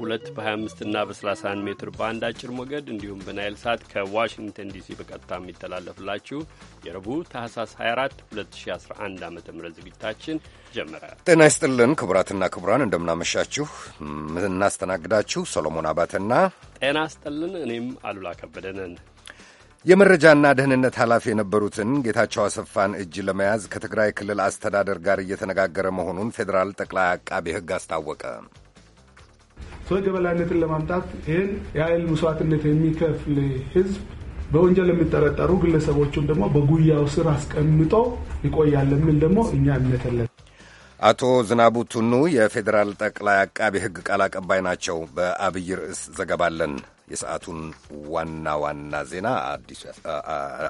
በ በ25 እና በ31 ሜትር ባንድ አጭር ሞገድ እንዲሁም በናይል ሳት ከዋሽንግተን ዲሲ በቀጥታ የሚተላለፍላችሁ የረቡዕ ታህሳስ 24 2011 ዓ ም ዝግጅታችን ጀመረ። ጤና ይስጥልን ክቡራትና ክቡራን፣ እንደምናመሻችሁ። እናስተናግዳችሁ ሰሎሞን አባተና ጤና ይስጥልን። እኔም አሉላ ከበደ የመረጃና ደህንነት ኃላፊ የነበሩትን ጌታቸው አሰፋን እጅ ለመያዝ ከትግራይ ክልል አስተዳደር ጋር እየተነጋገረ መሆኑን ፌዴራል ጠቅላይ አቃቤ ሕግ አስታወቀ። ፍትሕ የበላይነትን ለማምጣት ይህን የኃይል መስዋዕትነት የሚከፍል ህዝብ በወንጀል የሚጠረጠሩ ግለሰቦቹን ደግሞ በጉያው ስር አስቀምጦ ይቆያል የሚል ደግሞ እኛ እምነት አለን። አቶ ዝናቡ ቱኑ የፌዴራል ጠቅላይ አቃቢ ህግ ቃል አቀባይ ናቸው። በአብይ ርዕስ ዘገባለን። የሰዓቱን ዋና ዋና ዜና አዲሱ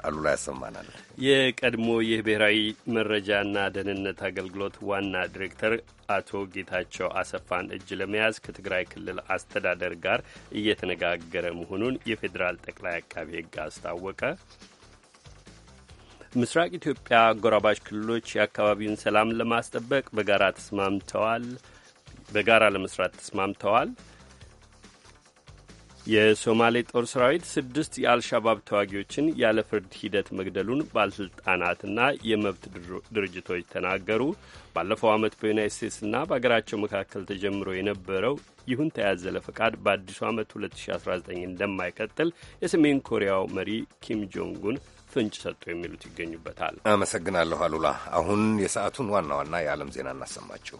አሉላ ያሰማናል። የቀድሞ ይህ ብሔራዊ መረጃና ደህንነት አገልግሎት ዋና ዲሬክተር አቶ ጌታቸው አሰፋን እጅ ለመያዝ ከትግራይ ክልል አስተዳደር ጋር እየተነጋገረ መሆኑን የፌዴራል ጠቅላይ አቃቤ ሕግ አስታወቀ። ምስራቅ ኢትዮጵያ አጎራባች ክልሎች የአካባቢውን ሰላም ለማስጠበቅ በጋራ ተስማምተዋል በጋራ ለመስራት ተስማምተዋል። የሶማሌ ጦር ሰራዊት ስድስት የአልሻባብ ተዋጊዎችን ያለ ፍርድ ሂደት መግደሉን ባለሥልጣናትና የመብት ድርጅቶች ተናገሩ። ባለፈው ዓመት በዩናይት ስቴትስና በሀገራቸው መካከል ተጀምሮ የነበረው ይሁን ተያዘለ ፈቃድ በአዲሱ ዓመት 2019 እንደማይቀጥል የሰሜን ኮሪያው መሪ ኪም ጆንጉን ፍንጭ ሰጡ የሚሉት ይገኙበታል። አመሰግናለሁ አሉላ። አሁን የሰዓቱን ዋና ዋና የዓለም ዜና እናሰማችሁ።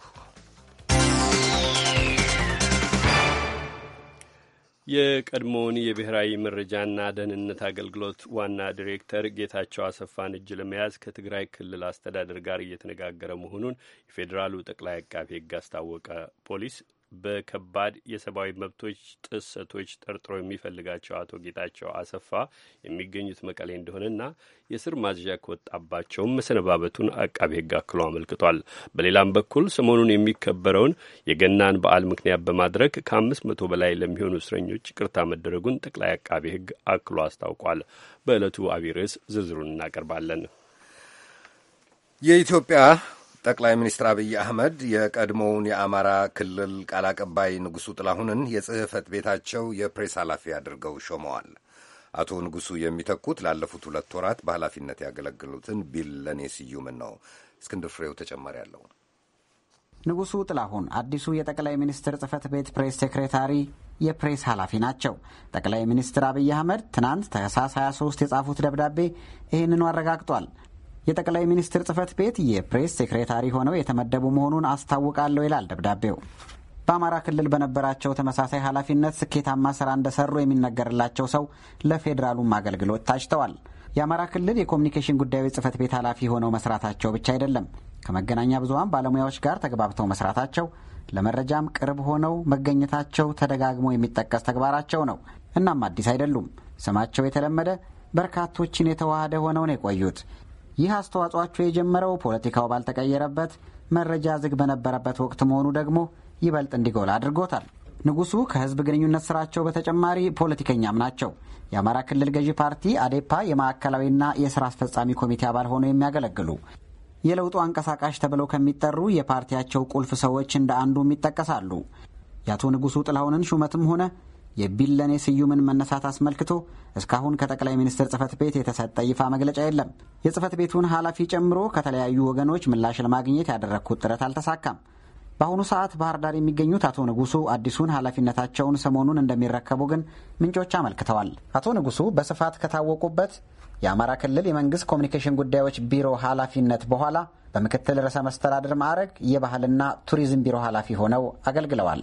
የቀድሞውን የብሔራዊ መረጃና ደህንነት አገልግሎት ዋና ዲሬክተር ጌታቸው አሰፋን እጅ ለመያዝ ከትግራይ ክልል አስተዳደር ጋር እየተነጋገረ መሆኑን የፌዴራሉ ጠቅላይ አቃቤ ሕግ አስታወቀ። ፖሊስ በከባድ የሰብአዊ መብቶች ጥሰቶች ጠርጥሮ የሚፈልጋቸው አቶ ጌታቸው አሰፋ የሚገኙት መቀሌ እንደሆነና የስር ማዝዣ ከወጣባቸውም መሰነባበቱን አቃቢ ሕግ አክሎ አመልክቷል። በሌላም በኩል ሰሞኑን የሚከበረውን የገናን በዓል ምክንያት በማድረግ ከአምስት መቶ በላይ ለሚሆኑ እስረኞች ይቅርታ መደረጉን ጠቅላይ አቃቢ ሕግ አክሎ አስታውቋል። በዕለቱ አቢይ ርዕስ ዝርዝሩን እናቀርባለን። የኢትዮጵያ ጠቅላይ ሚኒስትር አብይ አህመድ የቀድሞውን የአማራ ክልል ቃል አቀባይ ንጉሱ ጥላሁንን የጽህፈት ቤታቸው የፕሬስ ኃላፊ አድርገው ሾመዋል። አቶ ንጉሱ የሚተኩት ላለፉት ሁለት ወራት በኃላፊነት ያገለግሉትን ቢለኔ ስዩምን ነው። እስክንድር ፍሬው ተጨማሪ አለው። ንጉሱ ጥላሁን አዲሱ የጠቅላይ ሚኒስትር ጽፈት ቤት ፕሬስ ሴክሬታሪ የፕሬስ ኃላፊ ናቸው። ጠቅላይ ሚኒስትር አብይ አህመድ ትናንት ታህሳስ 23 የጻፉት ደብዳቤ ይህንኑ አረጋግጧል። የጠቅላይ ሚኒስትር ጽህፈት ቤት የፕሬስ ሴክሬታሪ ሆነው የተመደቡ መሆኑን አስታውቃለሁ ይላል ደብዳቤው። በአማራ ክልል በነበራቸው ተመሳሳይ ኃላፊነት ስኬታማ ስራ እንደሰሩ የሚነገርላቸው ሰው ለፌዴራሉም አገልግሎት ታጭተዋል። የአማራ ክልል የኮሚኒኬሽን ጉዳዮች ጽህፈት ቤት ኃላፊ ሆነው መስራታቸው ብቻ አይደለም፣ ከመገናኛ ብዙሀን ባለሙያዎች ጋር ተግባብተው መስራታቸው፣ ለመረጃም ቅርብ ሆነው መገኘታቸው ተደጋግሞ የሚጠቀስ ተግባራቸው ነው። እናም አዲስ አይደሉም። ስማቸው የተለመደ በርካቶችን የተዋሃደ ሆነው ነው የቆዩት። ይህ አስተዋጽኦቸው የጀመረው ፖለቲካው ባልተቀየረበት መረጃ ዝግ በነበረበት ወቅት መሆኑ ደግሞ ይበልጥ እንዲጎላ አድርጎታል። ንጉሱ ከህዝብ ግንኙነት ስራቸው በተጨማሪ ፖለቲከኛም ናቸው። የአማራ ክልል ገዢ ፓርቲ አዴፓ የማዕከላዊና የስራ አስፈጻሚ ኮሚቴ አባል ሆነው የሚያገለግሉ የለውጡ አንቀሳቃሽ ተብለው ከሚጠሩ የፓርቲያቸው ቁልፍ ሰዎች እንደ አንዱም ይጠቀሳሉ። የአቶ ንጉሱ ጥላሁንን ሹመትም ሆነ የቢለኔ ስዩምን መነሳት አስመልክቶ እስካሁን ከጠቅላይ ሚኒስትር ጽህፈት ቤት የተሰጠ ይፋ መግለጫ የለም። የጽህፈት ቤቱን ኃላፊ ጨምሮ ከተለያዩ ወገኖች ምላሽ ለማግኘት ያደረግኩት ጥረት አልተሳካም። በአሁኑ ሰዓት ባህር ዳር የሚገኙት አቶ ንጉሱ አዲሱን ኃላፊነታቸውን ሰሞኑን እንደሚረከቡ ግን ምንጮች አመልክተዋል። አቶ ንጉሱ በስፋት ከታወቁበት የአማራ ክልል የመንግስት ኮሚኒኬሽን ጉዳዮች ቢሮ ኃላፊነት በኋላ በምክትል ርዕሰ መስተዳድር ማዕረግ የባህልና ቱሪዝም ቢሮ ኃላፊ ሆነው አገልግለዋል።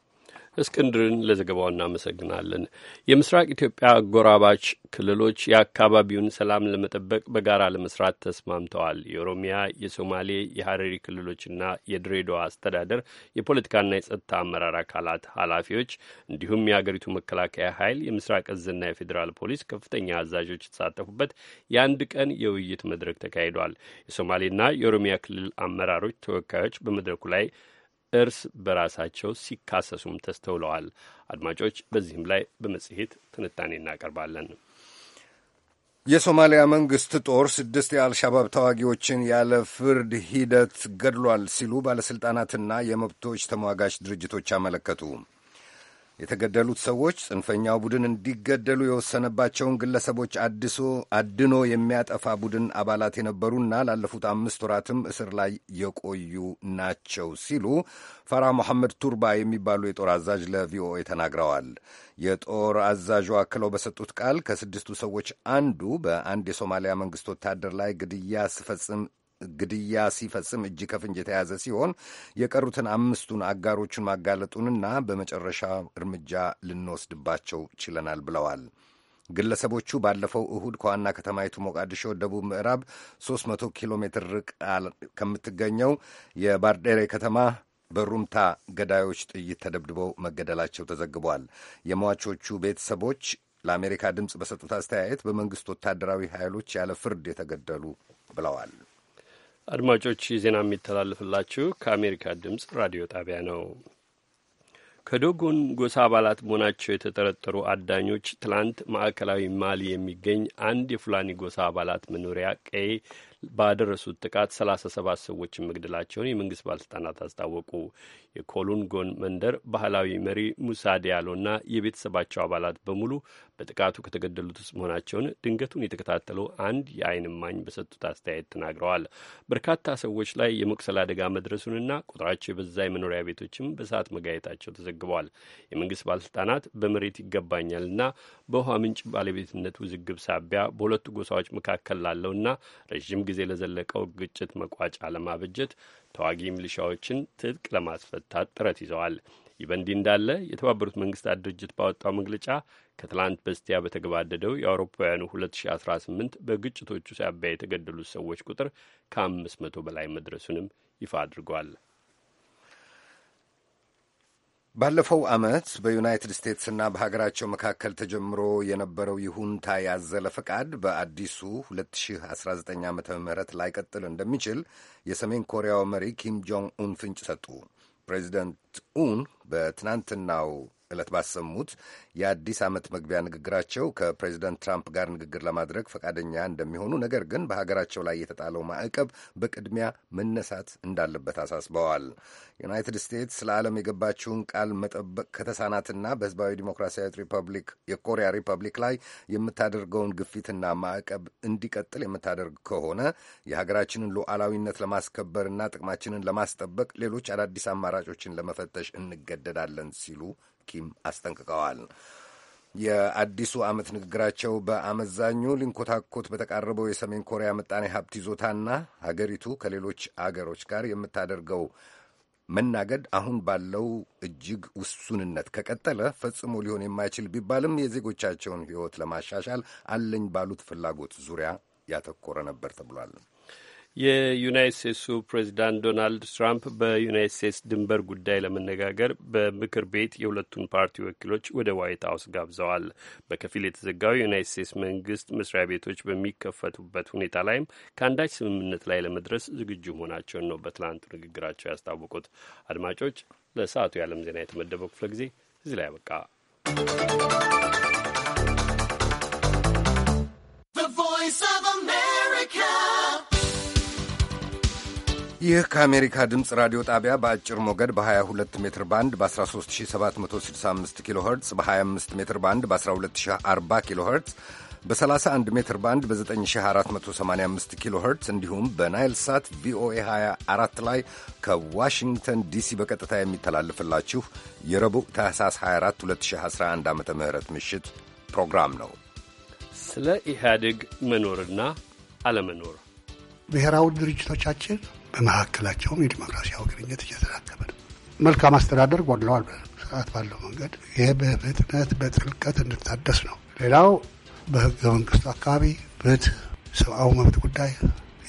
እስክንድርን ለዘገባው እናመሰግናለን። የምስራቅ ኢትዮጵያ አጎራባች ክልሎች የአካባቢውን ሰላም ለመጠበቅ በጋራ ለመስራት ተስማምተዋል። የኦሮሚያ፣ የሶማሌ፣ የሀረሪ ክልሎችና የድሬዳዋ አስተዳደር የፖለቲካና የጸጥታ አመራር አካላት ኃላፊዎች እንዲሁም የአገሪቱ መከላከያ ኃይል የምስራቅ እዝና የፌዴራል ፖሊስ ከፍተኛ አዛዦች የተሳተፉበት የአንድ ቀን የውይይት መድረክ ተካሂዷል። የሶማሌና የኦሮሚያ ክልል አመራሮች ተወካዮች በመድረኩ ላይ እርስ በራሳቸው ሲካሰሱም ተስተውለዋል። አድማጮች፣ በዚህም ላይ በመጽሔት ትንታኔ እናቀርባለን። የሶማሊያ መንግስት ጦር ስድስት የአልሻባብ ተዋጊዎችን ያለ ፍርድ ሂደት ገድሏል ሲሉ ባለሥልጣናትና የመብቶች ተሟጋች ድርጅቶች አመለከቱ። የተገደሉት ሰዎች ጽንፈኛው ቡድን እንዲገደሉ የወሰነባቸውን ግለሰቦች አድሶ አድኖ የሚያጠፋ ቡድን አባላት የነበሩና ላለፉት አምስት ወራትም እስር ላይ የቆዩ ናቸው ሲሉ ፈራ መሐመድ ቱርባ የሚባሉ የጦር አዛዥ ለቪኦኤ ተናግረዋል። የጦር አዛዡ አክለው በሰጡት ቃል ከስድስቱ ሰዎች አንዱ በአንድ የሶማሊያ መንግስት ወታደር ላይ ግድያ ስፈጽም ግድያ ሲፈጽም እጅ ከፍንጅ የተያዘ ሲሆን የቀሩትን አምስቱን አጋሮቹን ማጋለጡንና በመጨረሻ እርምጃ ልንወስድባቸው ችለናል ብለዋል። ግለሰቦቹ ባለፈው እሁድ ከዋና ከተማይቱ ሞቃዲሾ ደቡብ ምዕራብ 300 ኪሎ ሜትር ርቅ ከምትገኘው የባርዴሬ ከተማ በሩምታ ገዳዮች ጥይት ተደብድበው መገደላቸው ተዘግቧል። የሟቾቹ ቤተሰቦች ለአሜሪካ ድምፅ በሰጡት አስተያየት በመንግሥት ወታደራዊ ኃይሎች ያለ ፍርድ የተገደሉ ብለዋል። አድማጮች ዜና የሚተላለፍላችሁ ከአሜሪካ ድምፅ ራዲዮ ጣቢያ ነው። ከዶጎን ጎሳ አባላት መሆናቸው የተጠረጠሩ አዳኞች ትላንት ማዕከላዊ ማሊ የሚገኝ አንድ የፉላኒ ጎሳ አባላት መኖሪያ ቀይ ባደረሱት ጥቃት ሰላሳ ሰባት ሰዎችን መግደላቸውን የመንግስት ባለስልጣናት አስታወቁ። የኮሉንጎን መንደር ባህላዊ መሪ ሙሳ ዲያሎና የቤተሰባቸው አባላት በሙሉ በጥቃቱ ከተገደሉት ውስጥ መሆናቸውን ድንገቱን የተከታተሉ አንድ የዓይን እማኝ በሰጡት አስተያየት ተናግረዋል። በርካታ ሰዎች ላይ የመቁሰል አደጋ መድረሱንና ቁጥራቸው የበዛ የመኖሪያ ቤቶችም በእሳት መጋየታቸው ተዘግበዋል። የመንግስት ባለስልጣናት በመሬት ይገባኛልና በውሃ ምንጭ ባለቤትነት ውዝግብ ሳቢያ በሁለቱ ጎሳዎች መካከል ላለውና ረዥም ጊዜ ለዘለቀው ግጭት መቋጫ ለማበጀት ተዋጊ ሚሊሻዎችን ትጥቅ ለማስፈታት ጥረት ይዘዋል። ይህ በእንዲህ እንዳለ የተባበሩት መንግስታት ድርጅት ባወጣው መግለጫ ከትላንት በስቲያ በተገባደደው የአውሮፓውያኑ 2018 በግጭቶቹ ሳቢያ የተገደሉት ሰዎች ቁጥር ከ500 በላይ መድረሱንም ይፋ አድርጓል። ባለፈው ዓመት በዩናይትድ ስቴትስና በሀገራቸው መካከል ተጀምሮ የነበረው ይሁንታ ያዘለ ፈቃድ በአዲሱ 2019 ዓ ም ላይቀጥል እንደሚችል የሰሜን ኮሪያው መሪ ኪም ጆንግ ኡን ፍንጭ ሰጡ። ፕሬዚደንት ኡን በትናንትናው ዕለት ባሰሙት የአዲስ ዓመት መግቢያ ንግግራቸው ከፕሬዚደንት ትራምፕ ጋር ንግግር ለማድረግ ፈቃደኛ እንደሚሆኑ፣ ነገር ግን በሀገራቸው ላይ የተጣለው ማዕቀብ በቅድሚያ መነሳት እንዳለበት አሳስበዋል። ዩናይትድ ስቴትስ ለዓለም የገባችውን ቃል መጠበቅ ከተሳናትና በሕዝባዊ ዲሞክራሲያዊት ሪፐብሊክ የኮሪያ ሪፐብሊክ ላይ የምታደርገውን ግፊትና ማዕቀብ እንዲቀጥል የምታደርግ ከሆነ የሀገራችንን ሉዓላዊነት ለማስከበርና ጥቅማችንን ለማስጠበቅ ሌሎች አዳዲስ አማራጮችን ለመፈተሽ እንገደዳለን ሲሉ ኪም አስጠንቅቀዋል። የአዲሱ ዓመት ንግግራቸው በአመዛኙ ሊንኮታኮት በተቃረበው የሰሜን ኮሪያ ምጣኔ ሀብት ይዞታና ሀገሪቱ ከሌሎች አገሮች ጋር የምታደርገው መናገድ አሁን ባለው እጅግ ውሱንነት ከቀጠለ ፈጽሞ ሊሆን የማይችል ቢባልም የዜጎቻቸውን ሕይወት ለማሻሻል አለኝ ባሉት ፍላጎት ዙሪያ ያተኮረ ነበር ተብሏል። የዩናይት ስቴትሱ ፕሬዚዳንት ዶናልድ ትራምፕ በዩናይት ስቴትስ ድንበር ጉዳይ ለመነጋገር በምክር ቤት የሁለቱን ፓርቲ ወኪሎች ወደ ዋይት ሀውስ ጋብዘዋል። በከፊል የተዘጋው የዩናይት ስቴትስ መንግስት መስሪያ ቤቶች በሚከፈቱበት ሁኔታ ላይም ከአንዳች ስምምነት ላይ ለመድረስ ዝግጁ መሆናቸውን ነው በትናንቱ ንግግራቸው ያስታወቁት። አድማጮች፣ ለሰዓቱ የዓለም ዜና የተመደበው ክፍለ ጊዜ እዚህ ላይ you. ይህ ከአሜሪካ ድምፅ ራዲዮ ጣቢያ በአጭር ሞገድ በ22 ሜትር ባንድ በ13765 ኪሎ ኸርትዝ በ25 ሜትር ባንድ በ1240 ኪሎ ኸርትዝ በ31 ሜትር ባንድ በ9485 ኪሎ ኸርትዝ እንዲሁም በናይል ሳት ቪኦኤ 24 ላይ ከዋሽንግተን ዲሲ በቀጥታ የሚተላልፍላችሁ የረቡዕ ታህሳስ 24 2011 ዓ ም ምሽት ፕሮግራም ነው። ስለ ኢህአዴግ መኖርና አለመኖር ብሔራዊ ድርጅቶቻችን በመካከላቸውም የዲሞክራሲያዊ ግንኙነት እየተራከበ ነው። መልካም አስተዳደር ጎድለዋል። ስርዓት ባለው መንገድ ይሄ በፍጥነት በጥልቀት እንድታደስ ነው። ሌላው በህገ መንግስቱ አካባቢ ፍትህ፣ ሰብአዊ መብት ጉዳይ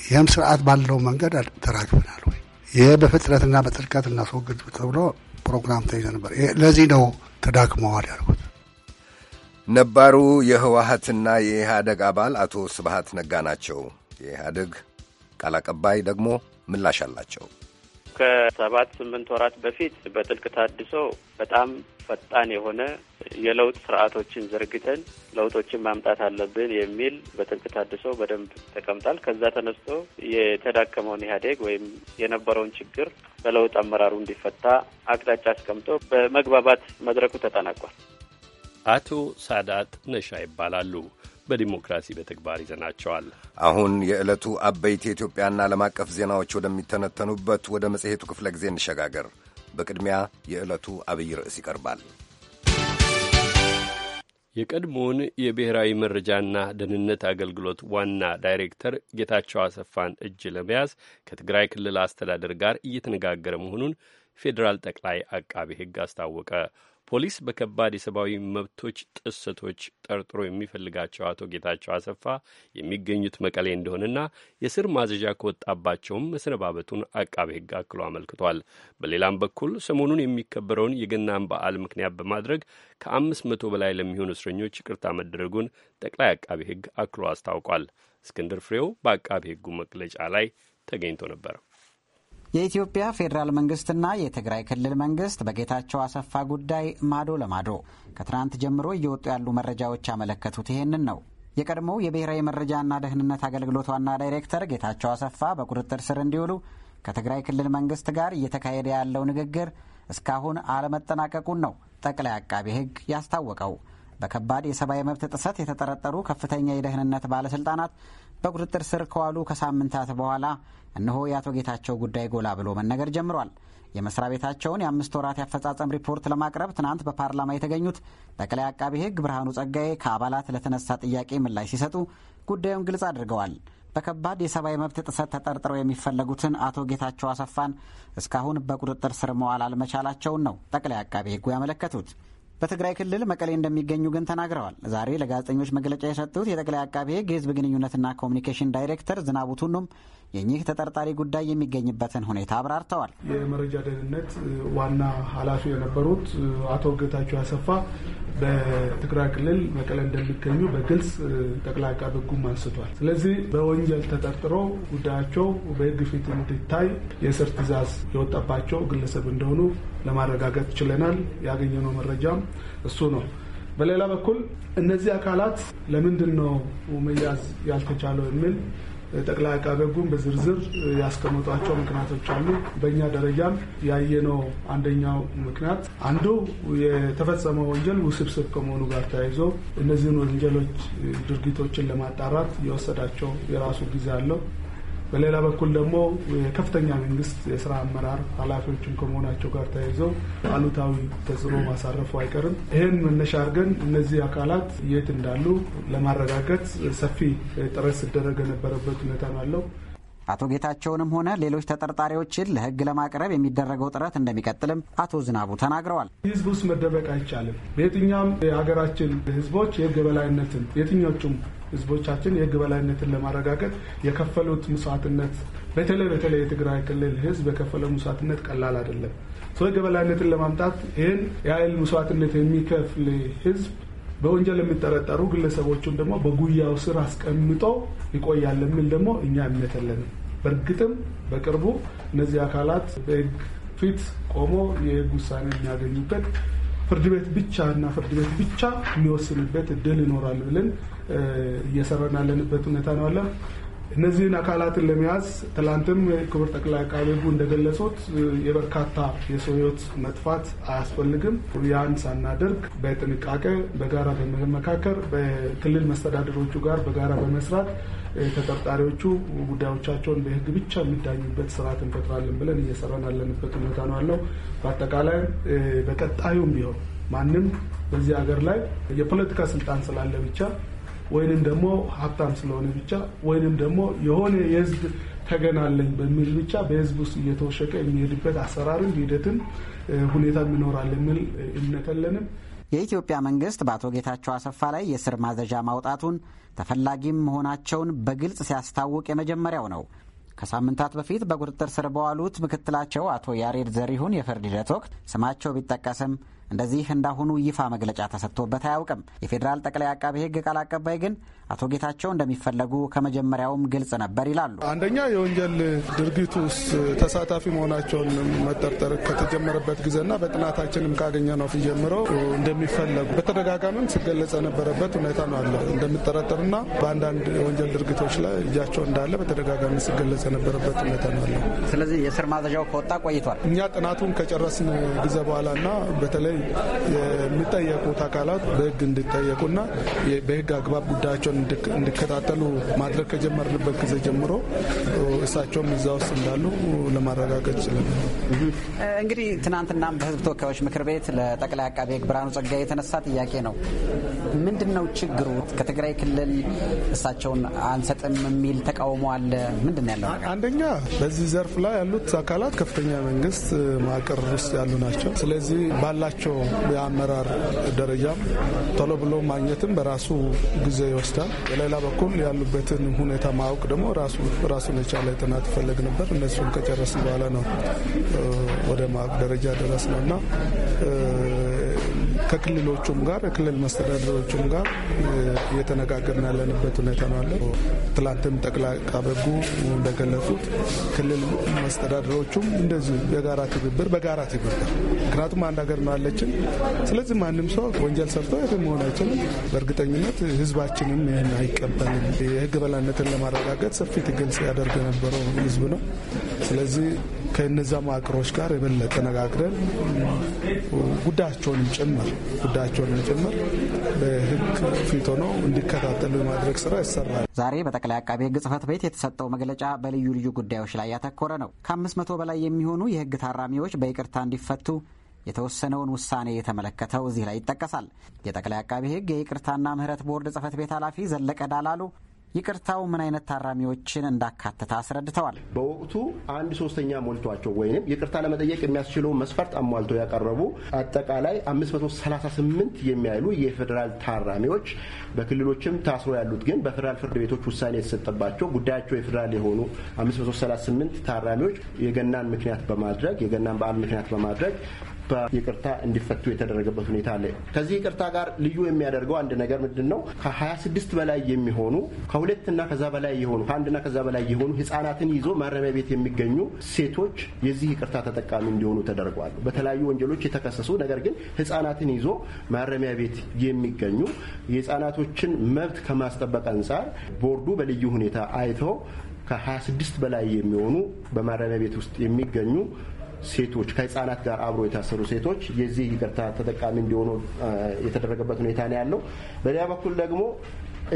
ይህም ስርዓት ባለው መንገድ ተራግፈናል ወይ ይሄ በፍጥነትና በጥልቀት እናስወግድ ተብሎ ፕሮግራም ተይዘ ነበር። ለዚህ ነው ተዳክመዋል ያልኩት። ነባሩ የህወሀትና የኢህአደግ አባል አቶ ስብሀት ነጋ ናቸው። የኢህአደግ ቃል አቀባይ ደግሞ ምላሽ አላቸው። ከሰባት ስምንት ወራት በፊት በጥልቅ ታድሶ በጣም ፈጣን የሆነ የለውጥ ስርዓቶችን ዘርግተን ለውጦችን ማምጣት አለብን የሚል በጥልቅ ታድሶ በደንብ ተቀምጣል። ከዛ ተነስቶ የተዳከመውን ኢህአዴግ ወይም የነበረውን ችግር በለውጥ አመራሩ እንዲፈታ አቅጣጫ አስቀምጦ በመግባባት መድረኩ ተጠናቋል። አቶ ሳዳት ነሻ ይባላሉ። በዲሞክራሲ በተግባር ይዘናቸዋል። አሁን የዕለቱ አበይት የኢትዮጵያና ዓለም አቀፍ ዜናዎች ወደሚተነተኑበት ወደ መጽሔቱ ክፍለ ጊዜ እንሸጋገር። በቅድሚያ የዕለቱ አብይ ርዕስ ይቀርባል። የቀድሞውን የብሔራዊ መረጃና ደህንነት አገልግሎት ዋና ዳይሬክተር ጌታቸው አሰፋን እጅ ለመያዝ ከትግራይ ክልል አስተዳደር ጋር እየተነጋገረ መሆኑን ፌዴራል ጠቅላይ አቃቤ ሕግ አስታወቀ። ፖሊስ በከባድ የሰብአዊ መብቶች ጥሰቶች ጠርጥሮ የሚፈልጋቸው አቶ ጌታቸው አሰፋ የሚገኙት መቀሌ እንደሆነና የስር ማዘዣ ከወጣባቸውም መሰነባበቱን አቃቤ ሕግ አክሎ አመልክቷል። በሌላም በኩል ሰሞኑን የሚከበረውን የገናን በዓል ምክንያት በማድረግ ከአምስት መቶ በላይ ለሚሆኑ እስረኞች ይቅርታ መደረጉን ጠቅላይ አቃቤ ሕግ አክሎ አስታውቋል። እስክንድር ፍሬው በአቃቤ ሕጉ መግለጫ ላይ ተገኝቶ ነበር። የኢትዮጵያ ፌዴራል መንግስትና የትግራይ ክልል መንግስት በጌታቸው አሰፋ ጉዳይ ማዶ ለማዶ ከትናንት ጀምሮ እየወጡ ያሉ መረጃዎች ያመለከቱት ይሄንን ነው። የቀድሞው የብሔራዊ መረጃና ደህንነት አገልግሎት ዋና ዳይሬክተር ጌታቸው አሰፋ በቁጥጥር ስር እንዲውሉ ከትግራይ ክልል መንግስት ጋር እየተካሄደ ያለው ንግግር እስካሁን አለመጠናቀቁን ነው ጠቅላይ አቃቤ ሕግ ያስታወቀው። በከባድ የሰብአዊ መብት ጥሰት የተጠረጠሩ ከፍተኛ የደህንነት ባለስልጣናት በቁጥጥር ስር ከዋሉ ከሳምንታት በኋላ እነሆ የአቶ ጌታቸው ጉዳይ ጎላ ብሎ መነገር ጀምሯል። የመስሪያ ቤታቸውን የአምስት ወራት ያፈጻጸም ሪፖርት ለማቅረብ ትናንት በፓርላማ የተገኙት ጠቅላይ አቃቤ ሕግ ብርሃኑ ጸጋዬ ከአባላት ለተነሳ ጥያቄ ምላሽ ሲሰጡ ጉዳዩን ግልጽ አድርገዋል። በከባድ የሰብአዊ መብት ጥሰት ተጠርጥረው የሚፈለጉትን አቶ ጌታቸው አሰፋን እስካሁን በቁጥጥር ስር መዋል አልመቻላቸውን ነው ጠቅላይ አቃቤ ሕጉ ያመለከቱት። በትግራይ ክልል መቀሌ እንደሚገኙ ግን ተናግረዋል። ዛሬ ለጋዜጠኞች መግለጫ የሰጡት የጠቅላይ አቃቤ ሕግ የህዝብ ግንኙነትና ኮሚኒኬሽን ዳይሬክተር ዝናቡ ቱኑም የኚህ ተጠርጣሪ ጉዳይ የሚገኝበትን ሁኔታ አብራርተዋል። የመረጃ ደህንነት ዋና ኃላፊ የነበሩት አቶ ጌታቸው አሰፋ በትግራይ ክልል መቀለ እንደሚገኙ በግልጽ ጠቅላይ ዐቃቤ ሕጉም አንስቷል። ስለዚህ በወንጀል ተጠርጥሮ ጉዳያቸው በሕግ ፊት እንዲታይ የእስር ትዕዛዝ የወጣባቸው ግለሰብ እንደሆኑ ለማረጋገጥ ችለናል። ያገኘነው መረጃም እሱ ነው። በሌላ በኩል እነዚህ አካላት ለምንድን ነው መያዝ ያልተቻለው የሚል ጠቅላይ አቃቤ ሕጉም በዝርዝር ያስቀመጧቸው ምክንያቶች አሉ። በእኛ ደረጃም ያየነው አንደኛው ምክንያት አንዱ የተፈጸመው ወንጀል ውስብስብ ከመሆኑ ጋር ተያይዞ እነዚህን ወንጀሎች ድርጊቶችን ለማጣራት የወሰዳቸው የራሱ ጊዜ አለው። በሌላ በኩል ደግሞ የከፍተኛ መንግስት የስራ አመራር ኃላፊዎችም ከመሆናቸው ጋር ተያይዞ አሉታዊ ተጽዕኖ ማሳረፉ አይቀርም። ይህን መነሻ አድርገን እነዚህ አካላት የት እንዳሉ ለማረጋገጥ ሰፊ ጥረት ሲደረግ የነበረበት ሁኔታ ነው ያለው። አቶ ጌታቸውንም ሆነ ሌሎች ተጠርጣሪዎችን ለሕግ ለማቅረብ የሚደረገው ጥረት እንደሚቀጥልም አቶ ዝናቡ ተናግረዋል። ሕዝብ ውስጥ መደበቅ አይቻልም። በየትኛም የሀገራችን ሕዝቦች የሕግ በላይነትን የትኞቹም ሕዝቦቻችን የሕግ በላይነትን ለማረጋገጥ የከፈሉት መስዋዕትነት በተለይ በተለይ የትግራይ ክልል ሕዝብ የከፈለው መስዋዕትነት ቀላል አይደለም። ሕግ በላይነትን ለማምጣት ይህን የኃይል መስዋዕትነት የሚከፍል ሕዝብ በወንጀል የሚጠረጠሩ ግለሰቦቹን ደግሞ በጉያው ስር አስቀምጦ ይቆያል የሚል ደግሞ እኛ እምነት የለንም። በእርግጥም በቅርቡ እነዚህ አካላት በህግ ፊት ቆሞ የህግ ውሳኔ የሚያገኙበት ፍርድ ቤት ብቻ እና ፍርድ ቤት ብቻ የሚወስንበት እድል ይኖራል ብለን እየሰራን ያለንበት ሁኔታ ነው አለ። እነዚህን አካላትን ለመያዝ ትላንትም ክቡር ጠቅላይ አቃቤ ሕጉ እንደገለጹት የበርካታ የሰው ሕይወት መጥፋት አያስፈልግም። ያን ሳናደርግ በጥንቃቄ በጋራ በመመካከር በክልል መስተዳደሮቹ ጋር በጋራ በመስራት ተጠርጣሪዎቹ ጉዳዮቻቸውን በህግ ብቻ የሚዳኙበት ስርዓት እንፈጥራለን ብለን እየሰራን ያለንበት ሁኔታ ነው ያለው። በአጠቃላይ በቀጣዩም ቢሆን ማንም በዚህ ሀገር ላይ የፖለቲካ ስልጣን ስላለ ብቻ ወይንም ደግሞ ሀብታም ስለሆነ ብቻ ወይንም ደግሞ የሆነ የህዝብ ተገናለኝ በሚል ብቻ በህዝብ ውስጥ እየተወሸቀ የሚሄድበት አሰራርን ሂደትን ሁኔታ ይኖራል የሚል እምነት የለንም። የኢትዮጵያ መንግስት በአቶ ጌታቸው አሰፋ ላይ የስር ማዘዣ ማውጣቱን ተፈላጊም መሆናቸውን በግልጽ ሲያስታውቅ የመጀመሪያው ነው። ከሳምንታት በፊት በቁጥጥር ስር በዋሉት ምክትላቸው አቶ ያሬድ ዘሪሁን የፍርድ ሂደት ወቅት ስማቸው ቢጠቀስም እንደዚህ እንዳሁኑ ይፋ መግለጫ ተሰጥቶበት አያውቅም። የፌዴራል ጠቅላይ አቃቤ ሕግ ቃል አቀባይ ግን አቶ ጌታቸው እንደሚፈለጉ ከመጀመሪያውም ግልጽ ነበር ይላሉ። አንደኛ የወንጀል ድርጊቱ ውስጥ ተሳታፊ መሆናቸውን መጠርጠር ከተጀመረበት ጊዜና በጥናታችንም ካገኘ ነው ጀምሮ እንደሚፈለጉ በተደጋጋሚም ሲገለጽ የነበረበት ሁኔታ ነው አለ እንደሚጠረጠርና በአንዳንድ የወንጀል ድርጊቶች ላይ እጃቸው እንዳለ በተደጋጋሚ ሲገለጽ የነበረበት ሁኔታ ነው አለ። ስለዚህ የስር ማዘዣው ከወጣ ቆይቷል። እኛ ጥናቱን ከጨረስን ጊዜ በኋላና በተለይ የሚጠየቁት አካላት በህግ እንዲጠየቁና በህግ አግባብ ጉዳያቸውን እንዲከታተሉ ማድረግ ከጀመርንበት ጊዜ ጀምሮ እሳቸውም እዛ ውስጥ እንዳሉ ለማረጋገጥ ችላል። እንግዲህ ትናንትናም በህዝብ ተወካዮች ምክር ቤት ለጠቅላይ አቃቤ ሕግ ብርሃኑ ጸጋዬ የተነሳ ጥያቄ ነው። ምንድን ነው ችግሩ? ከትግራይ ክልል እሳቸውን አንሰጥም የሚል ተቃውሞ አለ። ምንድን ነው ያለው? አንደኛ በዚህ ዘርፍ ላይ ያሉት አካላት ከፍተኛ መንግስት ማዕቀር ውስጥ ያሉ ናቸው። ስለዚህ ባላቸው የአመራር ደረጃም ቶሎ ብሎ ማግኘትም በራሱ ጊዜ ይወስዳል። በሌላ በኩል ያሉበትን ሁኔታ ማወቅ ደግሞ ራሱን የቻለ ጥናት ይፈለግ ነበር። እነሱን ከጨረስን በኋላ ነው ወደ ማወቅ ደረጃ ነው እና ከክልሎቹም ጋር ከክልል መስተዳደሮቹም ጋር እየተነጋገርን ያለንበት ሁኔታ ነው አለ። ትላንትም ጠቅላይ ቃበጉ እንደገለጹት ክልል መስተዳደሮቹም እንደዚሁ የጋራ ትብብር በጋራ ትብብር ምክንያቱም አንድ ሀገር ነው ያለችን። ስለዚህ ማንም ሰው ወንጀል ሰርቶ የትም መሆን አይችልም። በእርግጠኝነት ህዝባችንም ይህን አይቀበልም። የህግ በላይነትን ለማረጋገጥ ሰፊ ትግል ሲያደርግ የነበረው ህዝብ ነው። ስለዚህ ከነዛ መዋቅሮች ጋር የበለጠ ተነጋግረን ጉዳያቸውንም ጭምር ጉዳያቸውንም ጭምር በህግ ፊት ሆኖ እንዲከታተሉ የማድረግ ስራ ይሰራል። ዛሬ በጠቅላይ አቃቤ ህግ ጽህፈት ቤት የተሰጠው መግለጫ በልዩ ልዩ ጉዳዮች ላይ ያተኮረ ነው። ከአምስት መቶ በላይ የሚሆኑ የህግ ታራሚዎች በይቅርታ እንዲፈቱ የተወሰነውን ውሳኔ የተመለከተው እዚህ ላይ ይጠቀሳል። የጠቅላይ አቃቤ ህግ የይቅርታና ምህረት ቦርድ ጽህፈት ቤት ኃላፊ ዘለቀ ዳላሉ ይቅርታው ምን አይነት ታራሚዎችን እንዳካተተ አስረድተዋል። በወቅቱ አንድ ሶስተኛ ሞልቷቸው ወይም ይቅርታ ለመጠየቅ የሚያስችለው መስፈርት አሟልተው ያቀረቡ አጠቃላይ 538 የሚያሉ የፌዴራል ታራሚዎች በክልሎችም ታስሮ ያሉት ግን በፌዴራል ፍርድ ቤቶች ውሳኔ የተሰጠባቸው ጉዳያቸው የፌዴራል የሆኑ 538 ታራሚዎች የገናን ምክንያት በማድረግ የገናን በዓል ምክንያት በማድረግ በይቅርታ እንዲፈቱ የተደረገበት ሁኔታ አለ። ከዚህ ይቅርታ ጋር ልዩ የሚያደርገው አንድ ነገር ምንድን ነው? ከ26 በላይ የሚሆኑ ከሁለትና ከዛ በላይ የሆኑ ከአንድና ከዛ በላይ የሆኑ ህጻናትን ይዞ ማረሚያ ቤት የሚገኙ ሴቶች የዚህ ይቅርታ ተጠቃሚ እንዲሆኑ ተደርጓሉ። በተለያዩ ወንጀሎች የተከሰሱ ነገር ግን ህጻናትን ይዞ ማረሚያ ቤት የሚገኙ የህጻናቶችን መብት ከማስጠበቅ አንጻር ቦርዱ በልዩ ሁኔታ አይተው ከ26 በላይ የሚሆኑ በማረሚያ ቤት ውስጥ የሚገኙ ሴቶች ከህፃናት ጋር አብሮ የታሰሩ ሴቶች የዚህ ይቅርታ ተጠቃሚ እንዲሆኑ የተደረገበት ሁኔታ ነው ያለው። በሌላ በኩል ደግሞ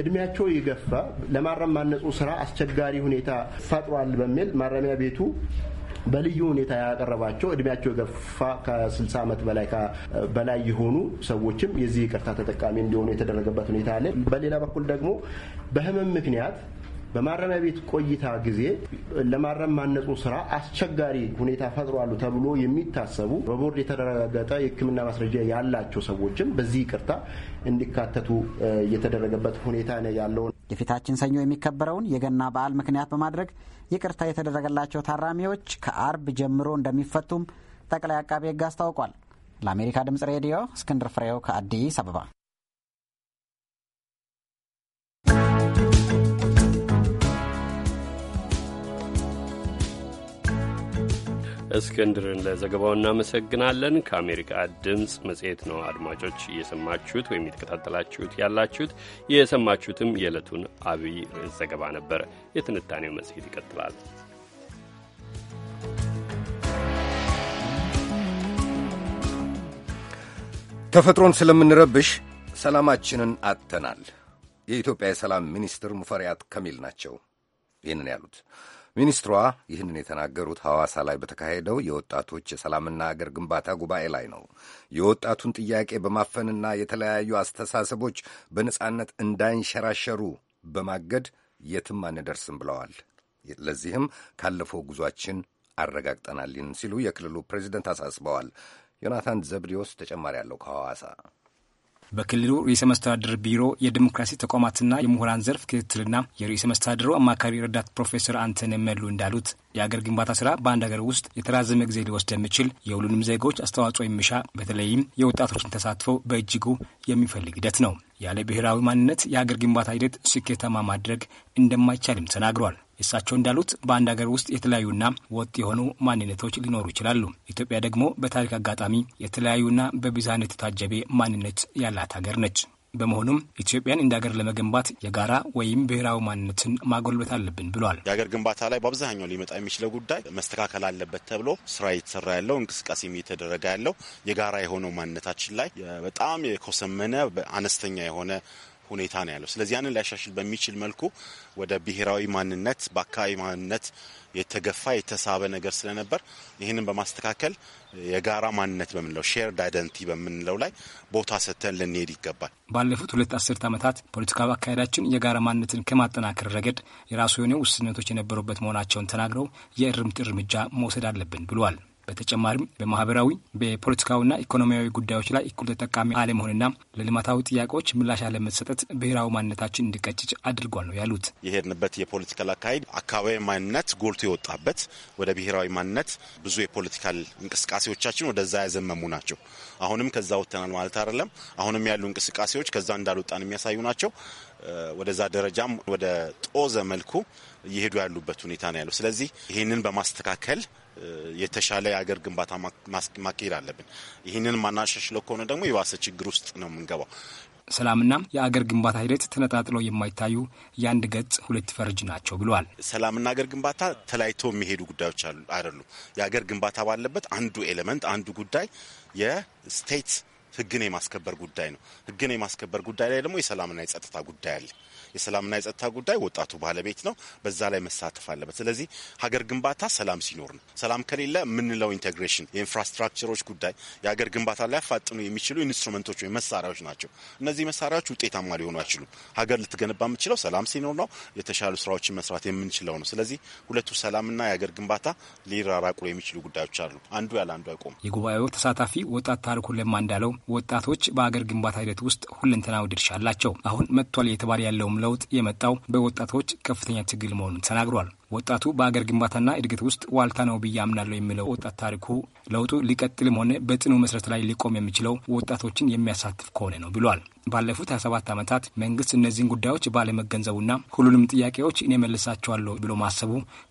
እድሜያቸው የገፋ ለማረም ማነጹ ስራ አስቸጋሪ ሁኔታ ፈጥሯል በሚል ማረሚያ ቤቱ በልዩ ሁኔታ ያቀረባቸው እድሜያቸው የገፋ ከ60 ዓመት በላይ በላይ የሆኑ ሰዎችም የዚህ ይቅርታ ተጠቃሚ እንዲሆኑ የተደረገበት ሁኔታ አለ። በሌላ በኩል ደግሞ በህመም ምክንያት በማረሚያ ቤት ቆይታ ጊዜ ለማረም ማነጹ ስራ አስቸጋሪ ሁኔታ ፈጥሯሉ ተብሎ የሚታሰቡ በቦርድ የተረጋገጠ የሕክምና ማስረጃ ያላቸው ሰዎችም በዚህ ይቅርታ እንዲካተቱ የተደረገበት ሁኔታ ነው ያለውን የፊታችን ሰኞ የሚከበረውን የገና በዓል ምክንያት በማድረግ ይቅርታ የተደረገላቸው ታራሚዎች ከአርብ ጀምሮ እንደሚፈቱም ጠቅላይ አቃቤ ሕግ አስታውቋል። ለአሜሪካ ድምጽ ሬዲዮ እስክንድር ፍሬው ከአዲስ አበባ እስክንድርን ለዘገባው እናመሰግናለን። ከአሜሪካ ድምፅ መጽሔት ነው አድማጮች እየሰማችሁት ወይም የተከታተላችሁት ያላችሁት። የሰማችሁትም የዕለቱን አብይ ዘገባ ነበር። የትንታኔው መጽሔት ይቀጥላል። ተፈጥሮን ስለምንረብሽ ሰላማችንን አጥተናል። የኢትዮጵያ የሰላም ሚኒስትር ሙፈሪያት ከሚል ናቸው ይህንን ያሉት። ሚኒስትሯ ይህንን የተናገሩት ሐዋሳ ላይ በተካሄደው የወጣቶች የሰላምና አገር ግንባታ ጉባኤ ላይ ነው። የወጣቱን ጥያቄ በማፈንና የተለያዩ አስተሳሰቦች በነጻነት እንዳይንሸራሸሩ በማገድ የትም አንደርስም ብለዋል። ለዚህም ካለፈው ጉዟችን አረጋግጠናልን ሲሉ የክልሉ ፕሬዚደንት አሳስበዋል። ዮናታን ዘብዴዎስ ተጨማሪ አለው ከሐዋሳ በክልሉ ርዕሰ መስተዳድር ቢሮ የዲሞክራሲ ተቋማትና የምሁራን ዘርፍ ክትትልና የርዕሰ መስተዳድሩ አማካሪ ረዳት ፕሮፌሰር አንተነ መሉ እንዳሉት የአገር ግንባታ ስራ በአንድ ሀገር ውስጥ የተራዘመ ጊዜ ሊወስድ የሚችል የሁሉንም ዜጎች አስተዋጽኦ የሚሻ በተለይም የወጣቶችን ተሳትፎ በእጅጉ የሚፈልግ ሂደት ነው። ያለ ብሔራዊ ማንነት የአገር ግንባታ ሂደት ስኬታማ ማድረግ እንደማይቻልም ተናግሯል። እሳቸው እንዳሉት በአንድ ሀገር ውስጥ የተለያዩና ወጥ የሆኑ ማንነቶች ሊኖሩ ይችላሉ። ኢትዮጵያ ደግሞ በታሪክ አጋጣሚ የተለያዩና በብዝሃነት የታጀበ ማንነት ያላት ሀገር ነች። በመሆኑም ኢትዮጵያን እንደ ሀገር ለመገንባት የጋራ ወይም ብሔራዊ ማንነትን ማጎልበት አለብን ብሏል። የሀገር ግንባታ ላይ በአብዛኛው ሊመጣ የሚችለው ጉዳይ መስተካከል አለበት ተብሎ ስራ እየተሰራ ያለው እንቅስቃሴ እየተደረገ ያለው የጋራ የሆነው ማንነታችን ላይ በጣም የኮሰመነ አነስተኛ የሆነ ሁኔታ ነው ያለው። ስለዚህ ያንን ሊያሻሽል በሚችል መልኩ ወደ ብሔራዊ ማንነት በአካባቢ ማንነት የተገፋ የተሳበ ነገር ስለነበር ይህንን በማስተካከል የጋራ ማንነት በምንለው ሼርድ አይደንቲ በምንለው ላይ ቦታ ሰጥተን ልንሄድ ይገባል። ባለፉት ሁለት አስርት ዓመታት ፖለቲካዊ አካሄዳችን የጋራ ማንነትን ከማጠናከር ረገድ የራሱ የሆነ ውስንነቶች የነበሩበት መሆናቸውን ተናግረው የእርምት እርምጃ መውሰድ አለብን ብሏል። በተጨማሪም በማህበራዊ በፖለቲካዊና ኢኮኖሚያዊ ጉዳዮች ላይ እኩል ተጠቃሚ አለመሆንና ለልማታዊ ጥያቄዎች ምላሽ አለመሰጠት ብሔራዊ ማንነታችን እንዲቀጭጭ አድርጓል ነው ያሉት። የሄድንበት የፖለቲካል አካሄድ አካባቢ ማንነት ጎልቶ የወጣበት ወደ ብሔራዊ ማንነት ብዙ የፖለቲካል እንቅስቃሴዎቻችን ወደዛ ያዘመሙ ናቸው። አሁንም ከዛ ወጥተናል ማለት አይደለም። አሁንም ያሉ እንቅስቃሴዎች ከዛ እንዳልወጣን የሚያሳዩ ናቸው። ወደዛ ደረጃም ወደ ጦዘ መልኩ እየሄዱ ያሉበት ሁኔታ ነው ያለው። ስለዚህ ይህንን በማስተካከል የተሻለ የአገር ግንባታ ማካሄድ አለብን። ይህንን ማናሻሽለው ከሆነ ደግሞ የባሰ ችግር ውስጥ ነው የምንገባው። ሰላምና የአገር ግንባታ ሂደት ተነጣጥለው የማይታዩ የአንድ ገጽ ሁለት ፈርጅ ናቸው ብለዋል። ሰላምና አገር ግንባታ ተለያይቶ የሚሄዱ ጉዳዮች አይደሉም። የአገር ግንባታ ባለበት አንዱ ኤሌመንት አንዱ ጉዳይ የስቴት ህግን የማስከበር ጉዳይ ነው። ህግን የማስከበር ጉዳይ ላይ ደግሞ የሰላምና የጸጥታ ጉዳይ አለ። የሰላምና የጸጥታ ጉዳይ ወጣቱ ባለቤት ነው። በዛ ላይ መሳተፍ አለበት። ስለዚህ ሀገር ግንባታ ሰላም ሲኖር ነው። ሰላም ከሌለ የምንለው ኢንቴግሬሽን፣ የኢንፍራስትራክቸሮች ጉዳይ የሀገር ግንባታ ሊያፋጥኑ የሚችሉ ኢንስትሩመንቶች ወይም መሳሪያዎች ናቸው። እነዚህ መሳሪያዎች ውጤታማ ሊሆኑ አይችሉም። ሀገር ልትገነባ የምችለው ሰላም ሲኖር ነው። የተሻሉ ስራዎችን መስራት የምንችለው ነው። ስለዚህ ሁለቱ ሰላምና የሀገር ግንባታ ሊራራቁ የሚችሉ ጉዳዮች አሉ። አንዱ ያለ አንዱ አይቆም። የጉባኤው ተሳታፊ ወጣት ታሪኩ ለማ እንዳለው ወጣቶች በሀገር ግንባታ ሂደት ውስጥ ሁለንተናዊ ድርሻ አላቸው። አሁን መጥቷል የተባለ ያለውም ለውጥ የመጣው በወጣቶች ከፍተኛ ትግል መሆኑን ተናግሯል። ወጣቱ በአገር ግንባታና እድገት ውስጥ ዋልታ ነው ብዬ አምናለሁ የሚለው ወጣት ታሪኩ ለውጡ ሊቀጥልም ሆነ በጽኑ መሰረት ላይ ሊቆም የሚችለው ወጣቶችን የሚያሳትፍ ከሆነ ነው ብሏል። ባለፉት 27 ዓመታት መንግስት እነዚህን ጉዳዮች ባለመገንዘቡና ሁሉንም ጥያቄዎች እኔ መልሳቸዋለሁ ብሎ ማሰቡ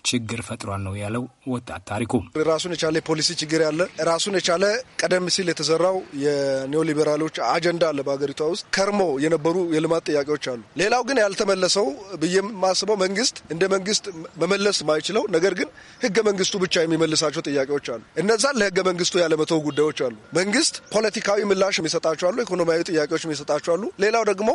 ችግር ፈጥሯል ነው ያለው ወጣት ታሪኩ። ራሱን የቻለ የፖሊሲ ችግር ያለ ራሱን የቻለ ቀደም ሲል የተዘራው የኒዮሊበራሎች አጀንዳ አለ። በሀገሪቷ ውስጥ ከርሞ የነበሩ የልማት ጥያቄዎች አሉ። ሌላው ግን ያልተመለሰው ብዬ ማስበው መንግስት እንደ መንግስት መመለስ ማይችለው ነገር ግን ህገ መንግስቱ ብቻ የሚመልሳቸው ጥያቄዎች አሉ። እነዛን ለህገ መንግስቱ ያለመተው ጉዳዮች አሉ። መንግስት ፖለቲካዊ ምላሽ የሚሰጣቸው አሉ፣ ኢኮኖሚያዊ ጥያቄዎች የሚሰጣቸው አሉ። ሌላው ደግሞ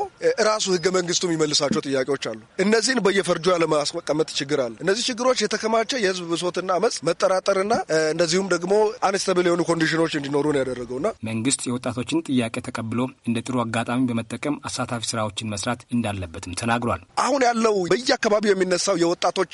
ራሱ ህገ መንግስቱ የሚመልሳቸው ጥያቄዎች አሉ። እነዚህን በየፈርጁ ያለማስቀመጥ ችግር አለ። እነዚህ ችግሮች የተከማቸ የህዝብ ብሶትና አመፅ፣ መጠራጠርና እንደዚሁም ደግሞ አንስተብል የሆኑ ኮንዲሽኖች እንዲኖሩ ነው ያደረገውና መንግስት የወጣቶችን ጥያቄ ተቀብሎ እንደ ጥሩ አጋጣሚ በመጠቀም አሳታፊ ስራዎችን መስራት እንዳለበት እንደሚያዩትም ተናግሯል። አሁን ያለው በየአካባቢው የሚነሳው የወጣቶች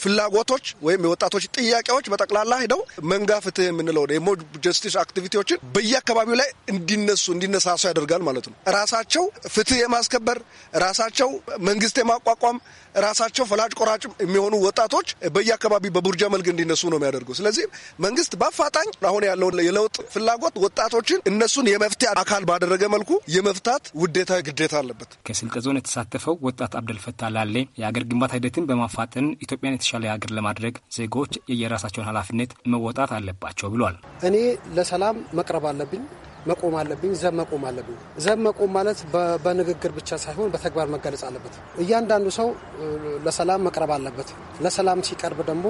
ፍላጎቶች ወይም የወጣቶች ጥያቄዎች በጠቅላላ ሄደው መንጋ ፍትህ የምንለው ደግሞ ጀስቲስ አክቲቪቲዎችን በየአካባቢው ላይ እንዲነሱ እንዲነሳሱ ያደርጋል ማለት ነው። ራሳቸው ፍትህ የማስከበር ራሳቸው መንግስት የማቋቋም ራሳቸው ፈላጭ ቆራጭ የሚሆኑ ወጣቶች በየአካባቢ በቡርጃ መልክ እንዲነሱ ነው የሚያደርገው። ስለዚህ መንግስት በአፋጣኝ አሁን ያለውን የለውጥ ፍላጎት ወጣቶችን እነሱን የመፍትሄ አካል ባደረገ መልኩ የመፍታት ውዴታ ግዴታ አለበት። ከስልጤ ዞን የተሳተፈው ወጣት አብደልፈታ ላሌ የአገር ግንባታ ሂደትን በማፋጠን ኢትዮጵያን የተሻለ ሀገር ለማድረግ ዜጎች የየራሳቸውን ኃላፊነት መወጣት አለባቸው ብሏል። እኔ ለሰላም መቅረብ አለብኝ። መቆም አለብኝ፣ ዘብ መቆም አለብኝ። ዘብ መቆም ማለት በንግግር ብቻ ሳይሆን በተግባር መገለጽ አለበት። እያንዳንዱ ሰው ለሰላም መቅረብ አለበት። ለሰላም ሲቀርብ ደግሞ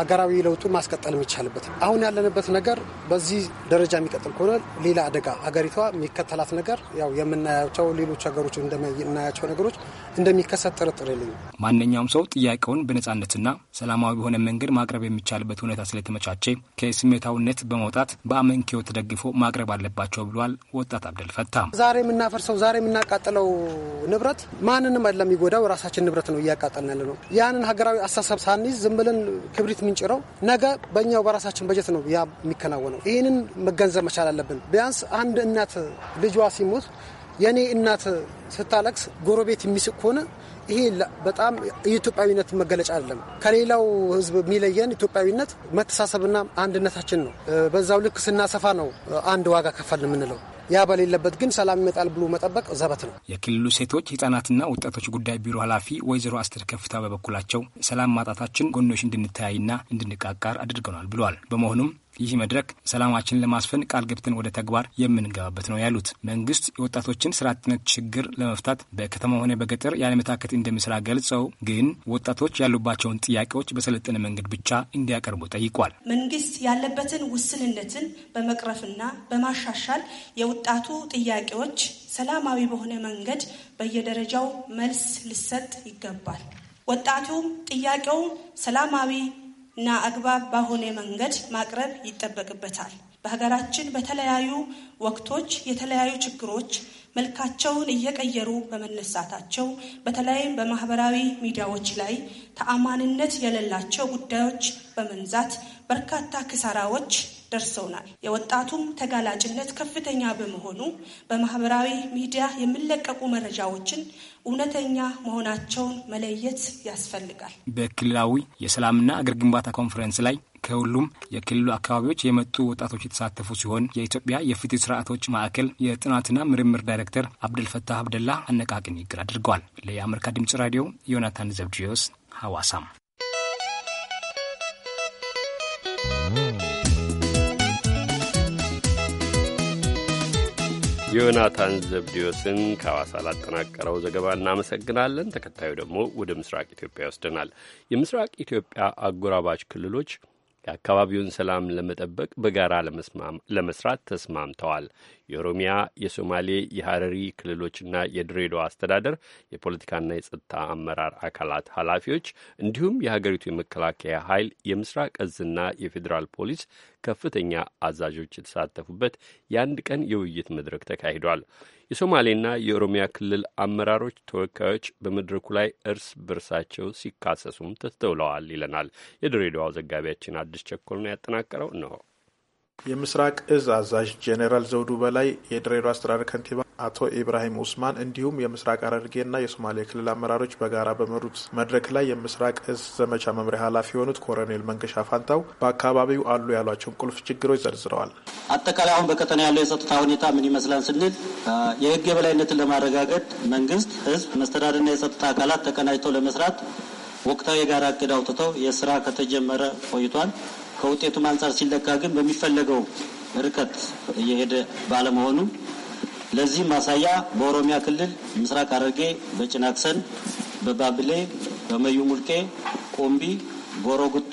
ሀገራዊ ለውጡን ማስቀጠል የሚቻልበት አሁን ያለንበት ነገር በዚህ ደረጃ የሚቀጥል ከሆነ ሌላ አደጋ ሀገሪቷ የሚከተላት ነገር ያው የምናያቸው ሌሎች ሀገሮች እንደምናያቸው ነገሮች እንደሚከሰት ጥርጥር የለኝም። ማንኛውም ሰው ጥያቄውን በነጻነትና ሰላማዊ በሆነ መንገድ ማቅረብ የሚቻልበት ሁኔታ ስለተመቻቸ ከስሜታውነት በመውጣት በአመንኪዮ ተደግፎ ማቅረብ አለባቸው ብሏል ወጣት አብደልፈታ። ዛሬ የምናፈርሰው ዛሬ የምናቃጥለው ንብረት ማንንም ለሚጎዳው ራሳችን ንብረት ነው እያቃጠልን ያለ ነው። ያንን ሀገራዊ አስተሳሰብ ሳንይዝ ዝም ብለን ክብሪት የምንጭረው ነገ በእኛው በራሳችን በጀት ነው ያ የሚከናወነው። ይህንን መገንዘብ መቻል አለብን። ቢያንስ አንድ እናት ልጇ ሲሞት የእኔ እናት ስታለቅስ ጎረቤት የሚስቅ ከሆነ ይሄ በጣም የኢትዮጵያዊነት መገለጫ አይደለም። ከሌላው ሕዝብ የሚለየን ኢትዮጵያዊነት መተሳሰብና አንድነታችን ነው። በዛው ልክ ስናሰፋ ነው አንድ ዋጋ ከፈል የምንለው። ያ በሌለበት ግን ሰላም ይመጣል ብሎ መጠበቅ ዘበት ነው። የክልሉ ሴቶች ህጻናትና ወጣቶች ጉዳይ ቢሮ ኃላፊ ወይዘሮ አስተር ከፍታ በበኩላቸው ሰላም ማጣታችን ጎኖች እንድንተያይና እንድንቃቃር አድርገናል ብለዋል። በመሆኑም ይህ መድረክ ሰላማችን ለማስፈን ቃል ገብተን ወደ ተግባር የምንገባበት ነው ያሉት መንግስት የወጣቶችን ስራ አጥነት ችግር ለመፍታት በከተማ ሆነ በገጠር ያለመታከት እንደሚሰራ ገልጸው ግን ወጣቶች ያሉባቸውን ጥያቄዎች በሰለጠነ መንገድ ብቻ እንዲያቀርቡ ጠይቋል። መንግስት ያለበትን ውስንነትን በመቅረፍና በማሻሻል የወጣቱ ጥያቄዎች ሰላማዊ በሆነ መንገድ በየደረጃው መልስ ሊሰጥ ይገባል። ወጣቱም ጥያቄውን ሰላማዊ እና አግባብ ባሆነ መንገድ ማቅረብ ይጠበቅበታል። በሀገራችን በተለያዩ ወቅቶች የተለያዩ ችግሮች መልካቸውን እየቀየሩ በመነሳታቸው በተለይም በማህበራዊ ሚዲያዎች ላይ ተአማንነት የሌላቸው ጉዳዮች በመንዛት በርካታ ክሳራዎች ደርሰውናል። የወጣቱም ተጋላጭነት ከፍተኛ በመሆኑ በማህበራዊ ሚዲያ የሚለቀቁ መረጃዎችን እውነተኛ መሆናቸውን መለየት ያስፈልጋል። በክልላዊ የሰላምና አገር ግንባታ ኮንፈረንስ ላይ ከሁሉም የክልሉ አካባቢዎች የመጡ ወጣቶች የተሳተፉ ሲሆን የኢትዮጵያ የፍትህ ስርዓቶች ማዕከል የጥናትና ምርምር ዳይሬክተር አብደልፈታህ አብደላ አነቃቂ ንግግር አድርገዋል። ለአሜሪካ ድምጽ ራዲዮ ዮናታን ዘብድዮስ ሐዋሳም ዮናታን ዘብዲዮስን ከሐዋሳ ላጠናቀረው ዘገባ እናመሰግናለን። ተከታዩ ደግሞ ወደ ምስራቅ ኢትዮጵያ ይወስደናል። የምስራቅ ኢትዮጵያ አጎራባች ክልሎች የአካባቢውን ሰላም ለመጠበቅ በጋራ ለመስራት ተስማምተዋል። የኦሮሚያ፣ የሶማሌ፣ የሀረሪ ክልሎችና የድሬዳዋ አስተዳደር የፖለቲካና የጸጥታ አመራር አካላት ኃላፊዎች እንዲሁም የሀገሪቱ የመከላከያ ኃይል የምስራቅ እዝና የፌዴራል ፖሊስ ከፍተኛ አዛዦች የተሳተፉበት የአንድ ቀን የውይይት መድረክ ተካሂዷል። የሶማሌና የኦሮሚያ ክልል አመራሮች ተወካዮች በመድረኩ ላይ እርስ በርሳቸው ሲካሰሱም ተስተውለዋል ይለናል የድሬዳዋ ዘጋቢያችን አዲስ ቸኮል ነው ያጠናቀረው ነው። የምስራቅ እዝ አዛዥ ጄኔራል ዘውዱ በላይ፣ የድሬዳዋ አስተዳደር ከንቲባ አቶ ኢብራሂም ኡስማን እንዲሁም የምስራቅ ሐረርጌና የሶማሌ ክልል አመራሮች በጋራ በመሩት መድረክ ላይ የምስራቅ እዝ ዘመቻ መምሪያ ኃላፊ የሆኑት ኮሎኔል መንገሻ ፋንታው በአካባቢው አሉ ያሏቸውን ቁልፍ ችግሮች ዘርዝረዋል። አጠቃላይ አሁን በቀጠና ያለው የጸጥታ ሁኔታ ምን ይመስላል ስንል የህግ የበላይነትን ለማረጋገጥ መንግስት፣ ህዝብ፣ መስተዳድርና የጸጥታ አካላት ተቀናጅተው ለመስራት ወቅታዊ የጋራ እቅድ አውጥተው የስራ ከተጀመረ ቆይቷል። ከውጤቱም አንጻር ሲለካ ግን በሚፈለገው ርቀት እየሄደ ባለመሆኑ ለዚህ ማሳያ በኦሮሚያ ክልል ምስራቅ ሐረርጌ በጭናክሰን፣ በባብሌ፣ በመዩ ሙልቄ፣ ቆምቢ፣ ጎሮጉቱ፣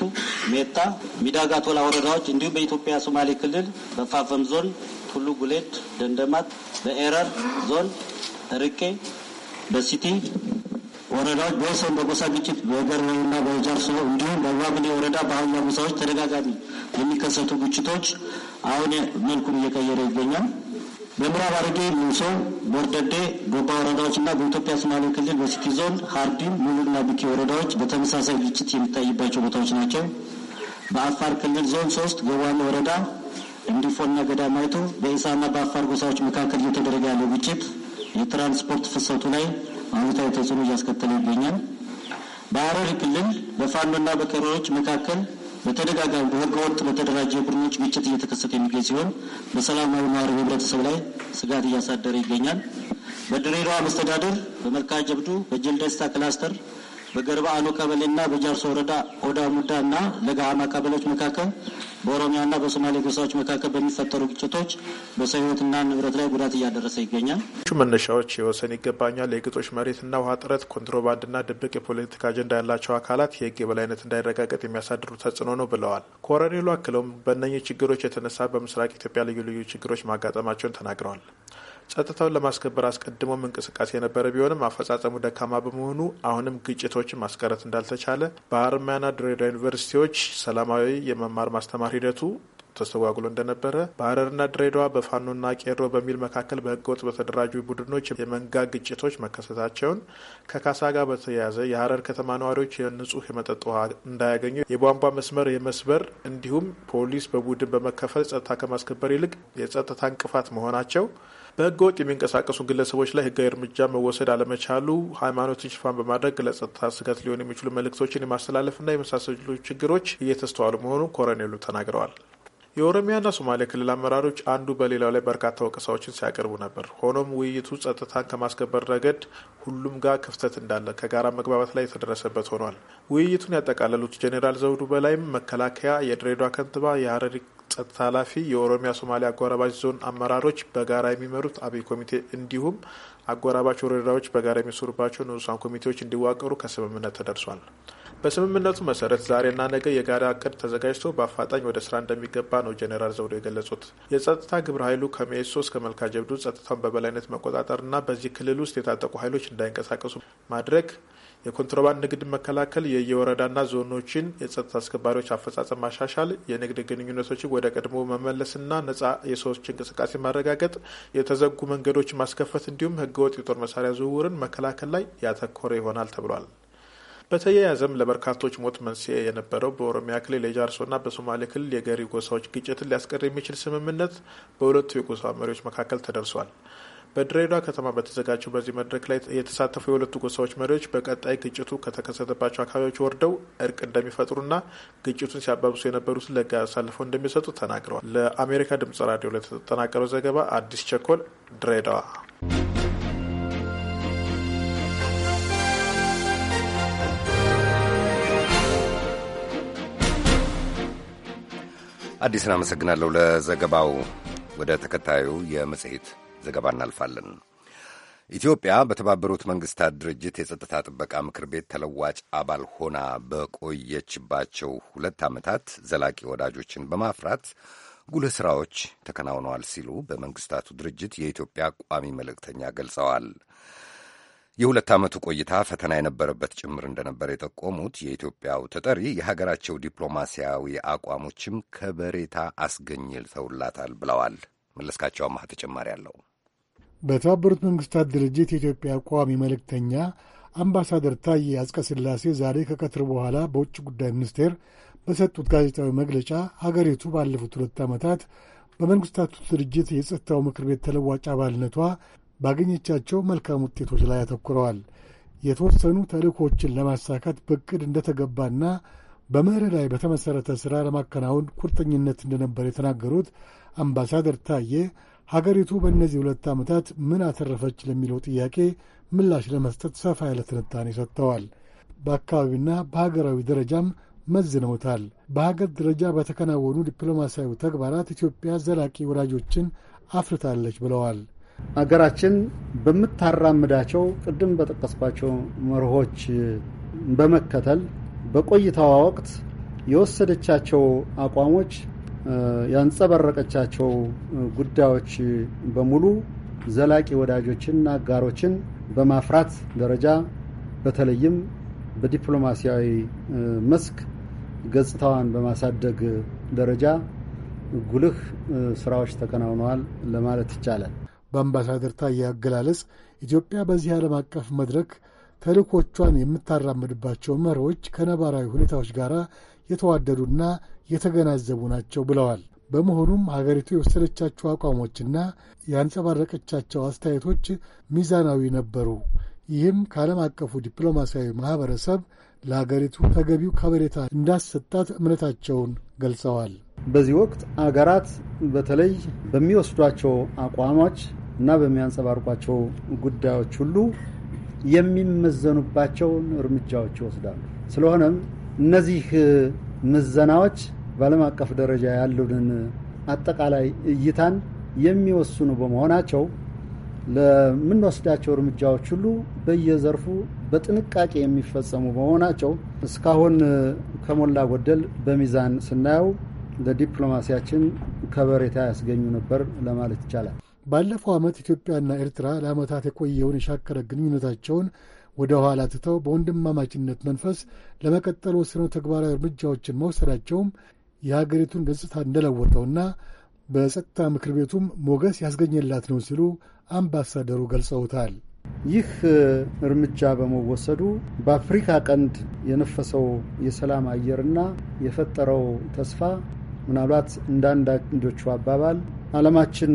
ሜታ፣ ሚዳጋ ቶላ ወረዳዎች እንዲሁም በኢትዮጵያ ሶማሌ ክልል በፋፈም ዞን ቱሉ ጉሌድ፣ ደንደማት፣ በኤረር ዞን ርቄ፣ በሲቲ ወረዳዎች በወሰን በጎሳ ግጭት በገርበውና በጃርሶ እንዲሁም በባግሌ ወረዳ በአሁኛ ጎሳዎች ተደጋጋሚ የሚከሰቱ ግጭቶች አሁን መልኩም እየቀየረ ይገኛል። በምዕራብ ሐረርጌ ሙሶ፣ ቦርደዴ፣ ጎባ ወረዳዎችና በኢትዮጵያ ሶማሌ ክልል በሲቲ ዞን ሀርቢ፣ ሙሉና ቢኬ ወረዳዎች በተመሳሳይ ግጭት የሚታይባቸው ቦታዎች ናቸው። በአፋር ክልል ዞን ሶስት ገዋሚ ወረዳ እንዲፎና ገዳማይቱ በኢሳና በአፋር ጎሳዎች መካከል እየተደረገ ያለው ግጭት የትራንስፖርት ፍሰቱ ላይ አሉታዊ ተጽዕኖ እያስከተለ ይገኛል። በሀረሪ ክልል በፋኖና በከሮዎች መካከል በተደጋጋሚ በህገወጥ በተደራጀ ቡድኖች ግጭት እየተከሰተ የሚገኝ ሲሆን በሰላማዊ ነዋሪው ህብረተሰብ ላይ ስጋት እያሳደረ ይገኛል። በድሬዳዋ መስተዳድር በመርካ ጀብዱ በጀልደስታ ክላስተር በገርባ አኖ ቀበሌና በጃርሶ ወረዳ ኦዳ ሙዳ እና ለጋሃማ ቀበሌዎች መካከል በኦሮሚያና በሶማሌ ጎሳዎች መካከል በሚፈጠሩ ግጭቶች በሰው ንብረት ላይ ጉዳት እያደረሰ ይገኛል። መነሻዎች የወሰን ይገባኛል፣ የግጦሽ መሬትና ውሃ ጥረት፣ ኮንትሮባንድና ድብቅ የፖለቲካ አጀንዳ ያላቸው አካላት የህግ የበላይነት እንዳይረጋገጥ የሚያሳድሩ ተጽዕኖ ነው ብለዋል። ኮረኔሉ አክለውም በእነኚህ ችግሮች የተነሳ በምስራቅ ኢትዮጵያ ልዩ ልዩ ችግሮች ማጋጠማቸውን ተናግረዋል። ጸጥታውን ለማስከበር አስቀድሞም እንቅስቃሴ የነበረ ቢሆንም አፈጻጸሙ ደካማ በመሆኑ አሁንም ግጭቶችን ማስቀረት እንዳልተቻለ በሀረማያና ድሬዳዋ ዩኒቨርሲቲዎች ሰላማዊ የመማር ማስተማር ሂደቱ ተስተጓጉሎ እንደነበረ በሀረርና ድሬዳዋ በፋኖና ቄሮ በሚል መካከል በህገወጥ በተደራጁ ቡድኖች የመንጋ ግጭቶች መከሰታቸውን ከካሳ ጋር በተያያዘ የሀረር ከተማ ነዋሪዎች የንጹህ የመጠጥ ውሃ እንዳያገኙ የቧንቧ መስመር የመስበር እንዲሁም ፖሊስ በቡድን በመከፈል ጸጥታ ከማስከበር ይልቅ የጸጥታ እንቅፋት መሆናቸው በህገወጥ የሚንቀሳቀሱ ግለሰቦች ላይ ህጋዊ እርምጃ መወሰድ አለመቻሉ ሃይማኖትን ሽፋን በማድረግ ለጸጥታ ስጋት ሊሆን የሚችሉ መልእክቶችን የማስተላለፍና የመሳሰሉ ችግሮች እየተስተዋሉ መሆኑን ኮረኔሉ ተናግረዋል። የኦሮሚያና ሶማሌ ክልል አመራሮች አንዱ በሌላው ላይ በርካታ ወቀሳዎችን ሲያቀርቡ ነበር። ሆኖም ውይይቱ ጸጥታን ከማስከበር ረገድ ሁሉም ጋር ክፍተት እንዳለ ከጋራ መግባባት ላይ የተደረሰበት ሆኗል። ውይይቱን ያጠቃለሉት ጄኔራል ዘውዱ በላይም መከላከያ፣ የድሬዳዋ ከንቲባ፣ የሀረሪ ጸጥታ ኃላፊ የኦሮሚያ ሶማሌ አጎራባች ዞን አመራሮች በጋራ የሚመሩት አብይ ኮሚቴ እንዲሁም አጎራባች ወረዳዎች በጋራ የሚሰሩባቸው ንዑሳን ኮሚቴዎች እንዲዋቀሩ ከስምምነት ተደርሷል። በስምምነቱ መሰረት ዛሬና ነገ የጋራ እቅድ ተዘጋጅቶ በአፋጣኝ ወደ ስራ እንደሚገባ ነው ጄኔራል ዘውዶ የገለጹት። የጸጥታ ግብረ ኃይሉ ከሜሶ እስከ መልካ ጀብዱ ጸጥታውን በበላይነት መቆጣጠርና በዚህ ክልል ውስጥ የታጠቁ ኃይሎች እንዳይንቀሳቀሱ ማድረግ የኮንትሮባንድ ንግድ መከላከል፣ የየወረዳና ዞኖችን የጸጥታ አስከባሪዎች አፈጻጸም ማሻሻል፣ የንግድ ግንኙነቶችን ወደ ቀድሞ መመለስና ነጻ የሰዎች እንቅስቃሴ ማረጋገጥ፣ የተዘጉ መንገዶችን ማስከፈት እንዲሁም ህገወጥ የጦር መሳሪያ ዝውውርን መከላከል ላይ ያተኮረ ይሆናል ተብሏል። በተያያዘም ለበርካቶች ሞት መንስኤ የነበረው በኦሮሚያ ክልል የጃርሶና በሶማሌ ክልል የገሪ ጎሳዎች ግጭትን ሊያስቀር የሚችል ስምምነት በሁለቱ የጎሳ መሪዎች መካከል ተደርሷል። በድሬዳዋ ከተማ በተዘጋጀው በዚህ መድረክ ላይ የተሳተፉ የሁለቱ ጎሳዎች መሪዎች በቀጣይ ግጭቱ ከተከሰተባቸው አካባቢዎች ወርደው እርቅ እንደሚፈጥሩና ግጭቱን ሲያባብሱ የነበሩትን ለጋ አሳልፈው እንደሚሰጡ ተናግረዋል። ለአሜሪካ ድምጽ ራዲዮ ላይ የተጠናቀረው ዘገባ አዲስ ቸኮል ድሬዳዋ። አዲስን አመሰግናለሁ ለዘገባው። ወደ ተከታዩ የመጽሔት ዘገባ እናልፋለን። ኢትዮጵያ በተባበሩት መንግስታት ድርጅት የጸጥታ ጥበቃ ምክር ቤት ተለዋጭ አባል ሆና በቆየችባቸው ሁለት ዓመታት ዘላቂ ወዳጆችን በማፍራት ጉልህ ሥራዎች ተከናውነዋል ሲሉ በመንግስታቱ ድርጅት የኢትዮጵያ ቋሚ መልእክተኛ ገልጸዋል። የሁለት ዓመቱ ቆይታ ፈተና የነበረበት ጭምር እንደነበር የጠቆሙት የኢትዮጵያው ተጠሪ የሀገራቸው ዲፕሎማሲያዊ አቋሞችም ከበሬታ አስገኝተውላታል ብለዋል። መለስካቸው አማህ ተጨማሪ አለው። በተባበሩት መንግስታት ድርጅት የኢትዮጵያ ቋሚ መልእክተኛ አምባሳደር ታዬ አጽቀሥላሴ ዛሬ ከቀትር በኋላ በውጭ ጉዳይ ሚኒስቴር በሰጡት ጋዜጣዊ መግለጫ ሀገሪቱ ባለፉት ሁለት ዓመታት በመንግስታቱ ድርጅት የጸጥታው ምክር ቤት ተለዋጭ አባልነቷ ባገኘቻቸው መልካም ውጤቶች ላይ አተኩረዋል። የተወሰኑ ተልእኮችን ለማሳካት በእቅድ እንደተገባና በመርህ ላይ በተመሠረተ ሥራ ለማከናወን ቁርጠኝነት እንደነበር የተናገሩት አምባሳደር ታዬ ሀገሪቱ በእነዚህ ሁለት ዓመታት ምን አተረፈች ለሚለው ጥያቄ ምላሽ ለመስጠት ሰፋ ያለ ትንታኔ ሰጥተዋል። በአካባቢና በሀገራዊ ደረጃም መዝነውታል። በሀገር ደረጃ በተከናወኑ ዲፕሎማሲያዊ ተግባራት ኢትዮጵያ ዘላቂ ወዳጆችን አፍርታለች ብለዋል። አገራችን በምታራምዳቸው ቅድም በጠቀስኳቸው መርሆች በመከተል በቆይታዋ ወቅት የወሰደቻቸው አቋሞች ያንጸባረቀቻቸው ጉዳዮች በሙሉ ዘላቂ ወዳጆችንና አጋሮችን በማፍራት ደረጃ በተለይም በዲፕሎማሲያዊ መስክ ገጽታዋን በማሳደግ ደረጃ ጉልህ ስራዎች ተከናውነዋል ለማለት ይቻላል። በአምባሳደር ታዬ አገላለጽ ኢትዮጵያ በዚህ ዓለም አቀፍ መድረክ ተልእኮቿን የምታራምድባቸው መሪዎች ከነባራዊ ሁኔታዎች ጋር የተዋደዱና የተገናዘቡ ናቸው ብለዋል። በመሆኑም ሀገሪቱ የወሰደቻቸው አቋሞችና ያንጸባረቀቻቸው አስተያየቶች ሚዛናዊ ነበሩ። ይህም ከዓለም አቀፉ ዲፕሎማሲያዊ ማኅበረሰብ ለሀገሪቱ ተገቢው ከበሬታ እንዳሰጣት እምነታቸውን ገልጸዋል። በዚህ ወቅት አገራት በተለይ በሚወስዷቸው አቋሞች እና በሚያንጸባርቋቸው ጉዳዮች ሁሉ የሚመዘኑባቸውን እርምጃዎች ይወስዳሉ። ስለሆነም እነዚህ ምዘናዎች በዓለም አቀፍ ደረጃ ያለንን አጠቃላይ እይታን የሚወስኑ በመሆናቸው ለምንወስዳቸው እርምጃዎች ሁሉ በየዘርፉ በጥንቃቄ የሚፈጸሙ በመሆናቸው እስካሁን ከሞላ ጎደል በሚዛን ስናየው ለዲፕሎማሲያችን ከበሬታ ያስገኙ ነበር ለማለት ይቻላል። ባለፈው ዓመት ኢትዮጵያና ኤርትራ ለዓመታት የቆየውን የሻከረ ግንኙነታቸውን ወደ ኋላ ትተው በወንድማማችነት መንፈስ ለመቀጠል ወስነው ተግባራዊ እርምጃዎችን መውሰዳቸውም የሀገሪቱን ገጽታ እንደለወጠውና በጸጥታ ምክር ቤቱም ሞገስ ያስገኘላት ነው ሲሉ አምባሳደሩ ገልጸውታል። ይህ እርምጃ በመወሰዱ በአፍሪካ ቀንድ የነፈሰው የሰላም አየርና የፈጠረው ተስፋ ምናልባት እንደ አንዳንዶቹ አባባል ዓለማችን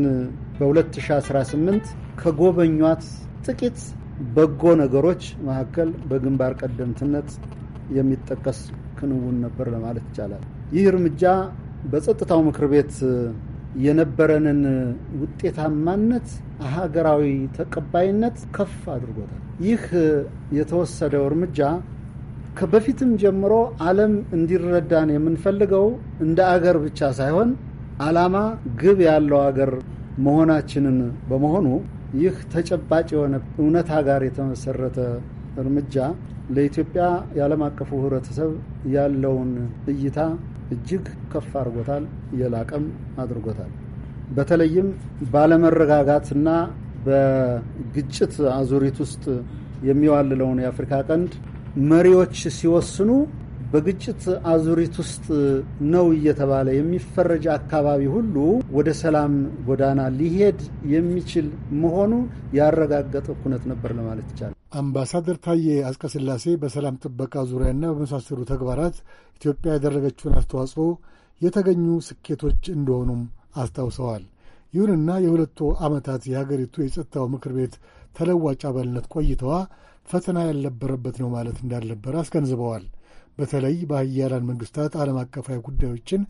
በ2018 ከጎበኟት ጥቂት በጎ ነገሮች መካከል በግንባር ቀደምትነት የሚጠቀስ ክንውን ነበር ለማለት ይቻላል። ይህ እርምጃ በጸጥታው ምክር ቤት የነበረንን ውጤታማነት፣ ሀገራዊ ተቀባይነት ከፍ አድርጎታል። ይህ የተወሰደው እርምጃ ከበፊትም ጀምሮ ዓለም እንዲረዳን የምንፈልገው እንደ አገር ብቻ ሳይሆን ዓላማ፣ ግብ ያለው አገር መሆናችንን በመሆኑ ይህ ተጨባጭ የሆነ እውነታ ጋር የተመሰረተ እርምጃ ለኢትዮጵያ የዓለም አቀፉ ሕብረተሰብ ያለውን እይታ እጅግ ከፍ አድርጎታል፣ የላቀም አድርጎታል። በተለይም ባለመረጋጋትና በግጭት አዙሪት ውስጥ የሚዋልለውን የአፍሪካ ቀንድ መሪዎች ሲወስኑ በግጭት አዙሪት ውስጥ ነው እየተባለ የሚፈረጅ አካባቢ ሁሉ ወደ ሰላም ጎዳና ሊሄድ የሚችል መሆኑ ያረጋገጠ ኩነት ነበር ለማለት ይቻላል። አምባሳደር ታዬ አጽቀሥላሴ በሰላም ጥበቃ ዙሪያና በመሳሰሉ ተግባራት ኢትዮጵያ ያደረገችውን አስተዋጽኦ የተገኙ ስኬቶች እንደሆኑም አስታውሰዋል። ይሁንና የሁለቱ ዓመታት የሀገሪቱ የጸጥታው ምክር ቤት ተለዋጭ አባልነት ቆይተዋ ፈተና ያልነበረበት ነው ማለት እንዳልነበረ አስገንዝበዋል። በተለይ በሀያላን መንግስታት ዓለም አቀፋዊ ጉዳዮችን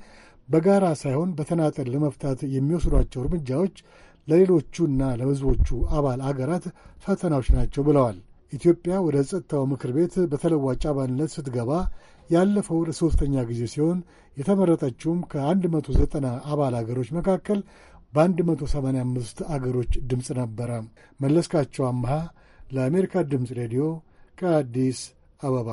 በጋራ ሳይሆን በተናጠል ለመፍታት የሚወስዷቸው እርምጃዎች ለሌሎቹና ለብዙዎቹ አባል አገራት ፈተናዎች ናቸው ብለዋል። ኢትዮጵያ ወደ ጸጥታው ምክር ቤት በተለዋጭ አባልነት ስትገባ ያለፈው ለሦስተኛ ጊዜ ሲሆን የተመረጠችውም ከ190 አባል አገሮች መካከል በ185 አገሮች ድምፅ ነበረ። መለስካቸው አምሃ ለአሜሪካ ድምፅ ሬዲዮ ከአዲስ አበባ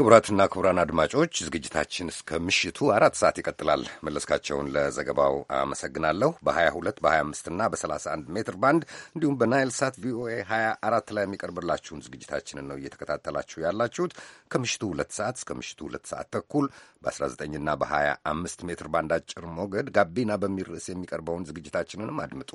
ክቡራትና ክቡራን አድማጮች ዝግጅታችን እስከ ምሽቱ አራት ሰዓት ይቀጥላል። መለስካቸውን ለዘገባው አመሰግናለሁ። በ22 በ25ና በ31 ሜትር ባንድ እንዲሁም በናይል ሳት ቪኦኤ 24 ላይ የሚቀርብላችሁን ዝግጅታችንን ነው እየተከታተላችሁ ያላችሁት። ከምሽቱ ሁለት ሰዓት እስከ ምሽቱ ሁለት ሰዓት ተኩል በ19ና በ25 ሜትር ባንድ አጭር ሞገድ ጋቢና በሚል ርዕስ የሚቀርበውን ዝግጅታችንንም አድምጡ።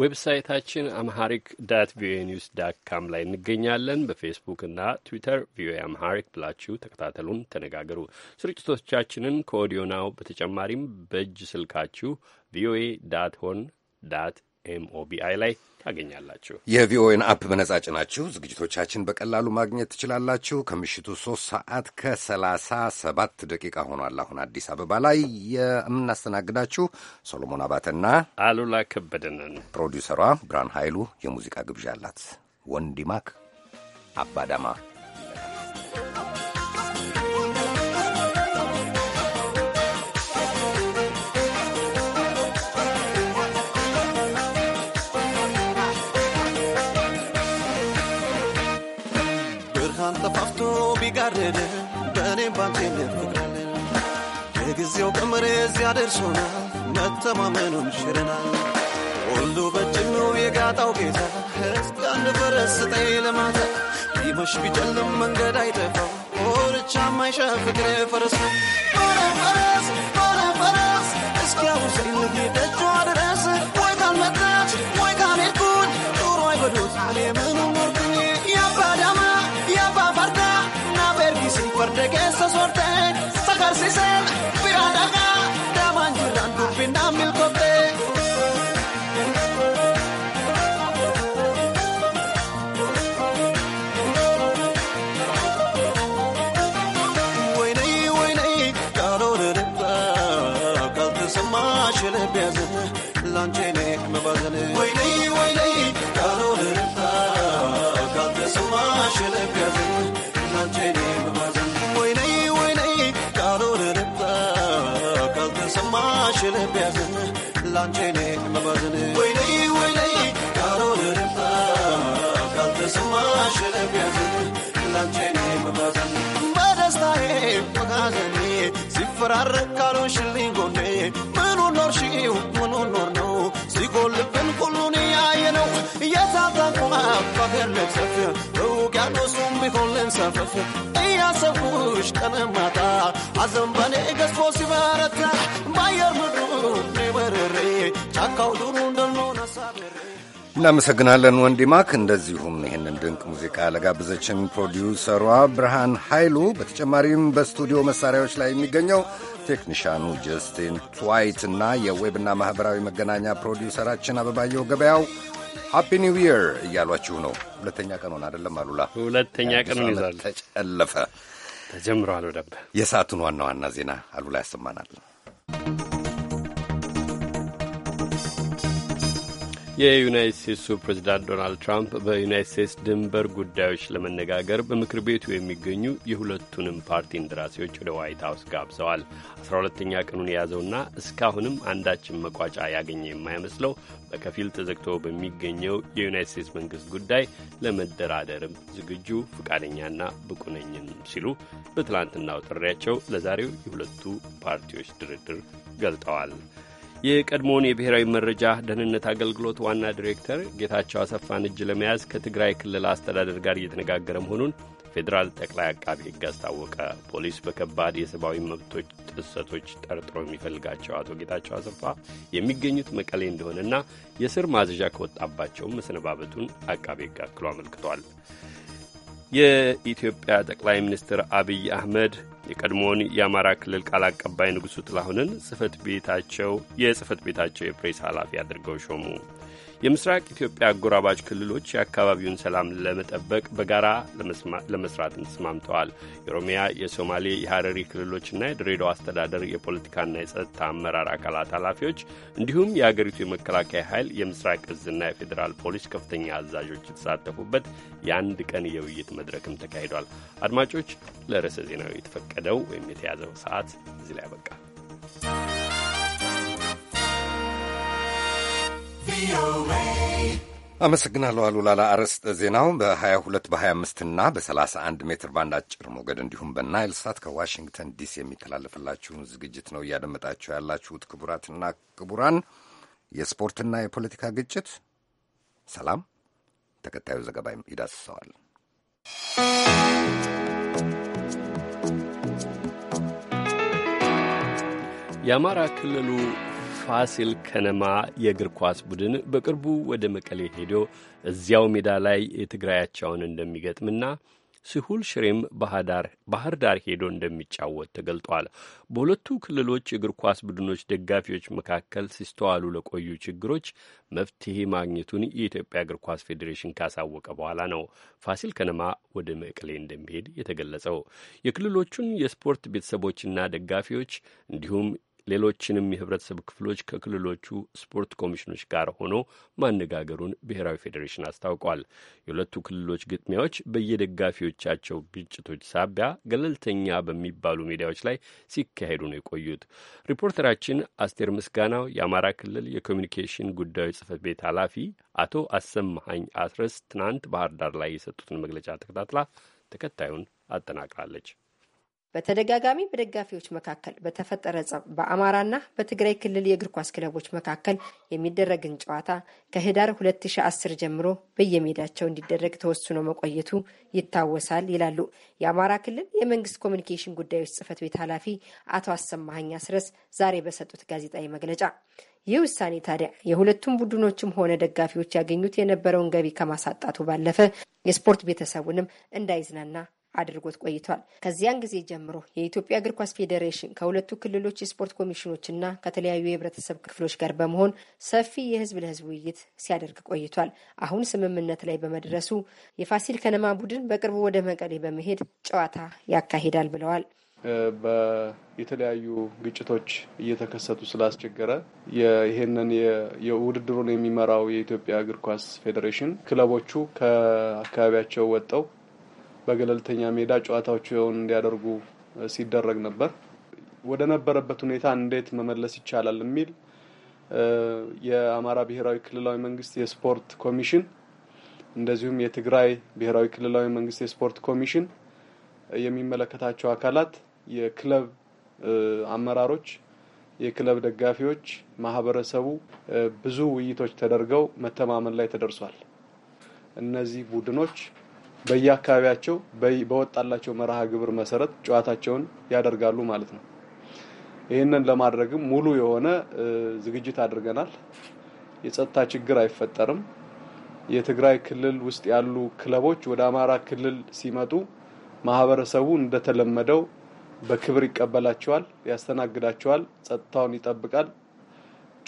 ዌብሳይታችን አምሃሪክ ዳት ቪኦኤ ኒውስ ዳት ካም ላይ እንገኛለን። በፌስቡክ እና ትዊተር ቪኦኤ አምሃሪክ ብላችሁ ተከታተሉን፣ ተነጋገሩ። ስርጭቶቻችንን ከኦዲዮ ናው በተጨማሪም በእጅ ስልካችሁ ቪኦኤ ዳት ሆን ዳት ኤምኦቢአይ ላይ ታገኛላችሁ። የቪኦኤን አፕ በነጻ ጭናችሁ ዝግጅቶቻችን በቀላሉ ማግኘት ትችላላችሁ። ከምሽቱ ሶስት ሰዓት ከሰላሳ ሰባት ደቂቃ ሆኗል። አሁን አዲስ አበባ ላይ የምናስተናግዳችሁ ሰሎሞን አባተና አሉላ ከበደንን። ፕሮዲውሰሯ ብርሃን ኃይሉ የሙዚቃ ግብዣ አላት። ወንዲማክ አባዳማ አንጠፋፍቶ ቢጋርድ በእኔ ባንቺ እንፈቅራለን። የጊዜው ቀመር እዚያ ደርሶናል፣ መተማመኑን ሽረናል። ሁሉ በጭኑ የጋጣው ጌታ። እስኪ አንድ ፈረስ ስጠኝ ለማታ፣ ቢመሽ ቢጨልም መንገድ አይጠፋው ኦርቻ ማይሻ ፍቅር ፈረስ ፈረስ ፈረስ እስኪ አውስል ደጇ ድረስ ወይ ካልመጣች ወይ ካልሄድኩኝ sosoortee sagarsiisee. ሲያልፍ እያሰብኩሽ ቀንማታ አዘን በኔ ገዝፎ ሲበረታ ምድሩ በርሬ ጫካው ዱሩ እናመሰግናለን ወንዲማክ፣ እንደዚሁም ይህንን ድንቅ ሙዚቃ ለጋብዘችን ፕሮዲውሰሯ ብርሃን ኃይሉ፣ በተጨማሪም በስቱዲዮ መሳሪያዎች ላይ የሚገኘው ቴክኒሻኑ ጀስቲን ትዋይት እና የዌብና ማኅበራዊ መገናኛ ፕሮዲውሰራችን አበባየው ገበያው ሃፒ ኒው ይር እያሏችሁ ነው። ሁለተኛ ቀኑን አይደለም አሉላ፣ ሁለተኛ ቀኑን ይዛል። ተጨለፈ ተጀምረዋል። ወደብ የሰዓቱን ዋና ዋና ዜና አሉላ ያሰማናል። የዩናይት ስቴትሱ ፕሬዚዳንት ዶናልድ ትራምፕ በዩናይት ስቴትስ ድንበር ጉዳዮች ለመነጋገር በምክር ቤቱ የሚገኙ የሁለቱንም ፓርቲ እንደራሴዎች ወደ ዋይት ሀውስ ጋብዘዋል። አስራ ሁለተኛ ቀኑን የያዘውና እስካሁንም አንዳችን መቋጫ ያገኘ የማይመስለው በከፊል ተዘግቶ በሚገኘው የዩናይት ስቴትስ መንግስት ጉዳይ ለመደራደርም ዝግጁ ፈቃደኛና ብቁ ነኝም ሲሉ በትላንትናው ጥሪያቸው ለዛሬው የሁለቱ ፓርቲዎች ድርድር ገልጠዋል። የቀድሞውን የብሔራዊ መረጃ ደህንነት አገልግሎት ዋና ዲሬክተር ጌታቸው አሰፋን እጅ ለመያዝ ከትግራይ ክልል አስተዳደር ጋር እየተነጋገረ መሆኑን ፌዴራል ጠቅላይ አቃቢ ሕግ አስታወቀ። ፖሊስ በከባድ የሰብአዊ መብቶች ጥሰቶች ጠርጥሮ የሚፈልጋቸው አቶ ጌታቸው አሰፋ የሚገኙት መቀሌ እንደሆነና የስር ማዘዣ ከወጣባቸውም መሰነባበቱን አቃቢ ሕግ አክሎ አመልክቷል። የኢትዮጵያ ጠቅላይ ሚኒስትር አብይ አህመድ የቀድሞውን የአማራ ክልል ቃል አቀባይ ንጉሡ ጥላሁንን ጽህፈት ቤታቸው የጽህፈት ቤታቸው የፕሬስ ኃላፊ አድርገው ሾሙ። የምስራቅ ኢትዮጵያ አጎራባች ክልሎች የአካባቢውን ሰላም ለመጠበቅ በጋራ ለመስራትም ተስማምተዋል። የኦሮሚያ፣ የሶማሌ፣ የሀረሪ ክልሎችና የድሬዳዋ አስተዳደር የፖለቲካና የጸጥታ አመራር አካላት ኃላፊዎች እንዲሁም የአገሪቱ የመከላከያ ኃይል የምስራቅ እዝና የፌዴራል ፖሊስ ከፍተኛ አዛዦች የተሳተፉበት የአንድ ቀን የውይይት መድረክም ተካሂዷል። አድማጮች፣ ለርዕሰ ዜናዊ የተፈቀደው ወይም የተያዘው ሰዓት እዚህ ላይ ያበቃል። አመሰግናለሁ አሉላ ለአርዕስተ ዜናው። በ22 በ25 እና በ31 ሜትር ባንድ አጭር ሞገድ እንዲሁም በናይል ሳት ከዋሽንግተን ዲሲ የሚተላለፍላችሁን ዝግጅት ነው እያደመጣችሁ ያላችሁት። ክቡራትና ክቡራን፣ የስፖርትና የፖለቲካ ግጭት ሰላም ተከታዩ ዘገባ ይዳስሰዋል። የአማራ ክልሉ ፋሲል ከነማ የእግር ኳስ ቡድን በቅርቡ ወደ መቀሌ ሄዶ እዚያው ሜዳ ላይ የትግራያቸውን እንደሚገጥምና ስሁል ሽሬም ባህር ዳር ሄዶ እንደሚጫወት ተገልጧል። በሁለቱ ክልሎች የእግር ኳስ ቡድኖች ደጋፊዎች መካከል ሲስተዋሉ ለቆዩ ችግሮች መፍትሄ ማግኘቱን የኢትዮጵያ እግር ኳስ ፌዴሬሽን ካሳወቀ በኋላ ነው ፋሲል ከነማ ወደ መቀሌ እንደሚሄድ የተገለጸው። የክልሎቹን የስፖርት ቤተሰቦችና ደጋፊዎች እንዲሁም ሌሎችንም የህብረተሰብ ክፍሎች ከክልሎቹ ስፖርት ኮሚሽኖች ጋር ሆኖ ማነጋገሩን ብሔራዊ ፌዴሬሽን አስታውቋል። የሁለቱ ክልሎች ግጥሚያዎች በየደጋፊዎቻቸው ግጭቶች ሳቢያ ገለልተኛ በሚባሉ ሜዲያዎች ላይ ሲካሄዱ ነው የቆዩት። ሪፖርተራችን አስቴር ምስጋናው የአማራ ክልል የኮሚኒኬሽን ጉዳዮች ጽህፈት ቤት ኃላፊ አቶ አሰማሀኝ አስረስ ትናንት ባህር ዳር ላይ የሰጡትን መግለጫ ተከታትላ ተከታዩን አጠናቅራለች። በተደጋጋሚ በደጋፊዎች መካከል በተፈጠረ ጸብ በአማራና በትግራይ ክልል የእግር ኳስ ክለቦች መካከል የሚደረግን ጨዋታ ከህዳር 2010 ጀምሮ በየሜዳቸው እንዲደረግ ተወስኖ መቆየቱ ይታወሳል ይላሉ የአማራ ክልል የመንግስት ኮሚኒኬሽን ጉዳዮች ጽህፈት ቤት ኃላፊ አቶ አሰማሀኛ ስረስ ዛሬ በሰጡት ጋዜጣዊ መግለጫ። ይህ ውሳኔ ታዲያ የሁለቱም ቡድኖችም ሆነ ደጋፊዎች ያገኙት የነበረውን ገቢ ከማሳጣቱ ባለፈ የስፖርት ቤተሰቡንም እንዳይዝናና አድርጎት ቆይቷል። ከዚያን ጊዜ ጀምሮ የኢትዮጵያ እግር ኳስ ፌዴሬሽን ከሁለቱ ክልሎች የስፖርት ኮሚሽኖችና ከተለያዩ የህብረተሰብ ክፍሎች ጋር በመሆን ሰፊ የህዝብ ለህዝብ ውይይት ሲያደርግ ቆይቷል። አሁን ስምምነት ላይ በመድረሱ የፋሲል ከነማ ቡድን በቅርቡ ወደ መቀሌ በመሄድ ጨዋታ ያካሂዳል ብለዋል። የተለያዩ ግጭቶች እየተከሰቱ ስላስቸገረ ይህንን የውድድሩን የሚመራው የኢትዮጵያ እግር ኳስ ፌዴሬሽን ክለቦቹ ከአካባቢያቸው ወጠው በገለልተኛ ሜዳ ጨዋታዎችን እንዲያደርጉ ሲደረግ ነበር። ወደ ነበረበት ሁኔታ እንዴት መመለስ ይቻላል የሚል የአማራ ብሔራዊ ክልላዊ መንግስት የስፖርት ኮሚሽን እንደዚሁም የትግራይ ብሔራዊ ክልላዊ መንግስት የስፖርት ኮሚሽን የሚመለከታቸው አካላት፣ የክለብ አመራሮች፣ የክለብ ደጋፊዎች፣ ማህበረሰቡ ብዙ ውይይቶች ተደርገው መተማመን ላይ ተደርሷል። እነዚህ ቡድኖች በየአካባቢያቸው በወጣላቸው መርሃ ግብር መሰረት ጨዋታቸውን ያደርጋሉ ማለት ነው። ይህንን ለማድረግም ሙሉ የሆነ ዝግጅት አድርገናል። የጸጥታ ችግር አይፈጠርም። የትግራይ ክልል ውስጥ ያሉ ክለቦች ወደ አማራ ክልል ሲመጡ ማህበረሰቡ እንደተለመደው በክብር ይቀበላቸዋል፣ ያስተናግዳቸዋል፣ ጸጥታውን ይጠብቃል።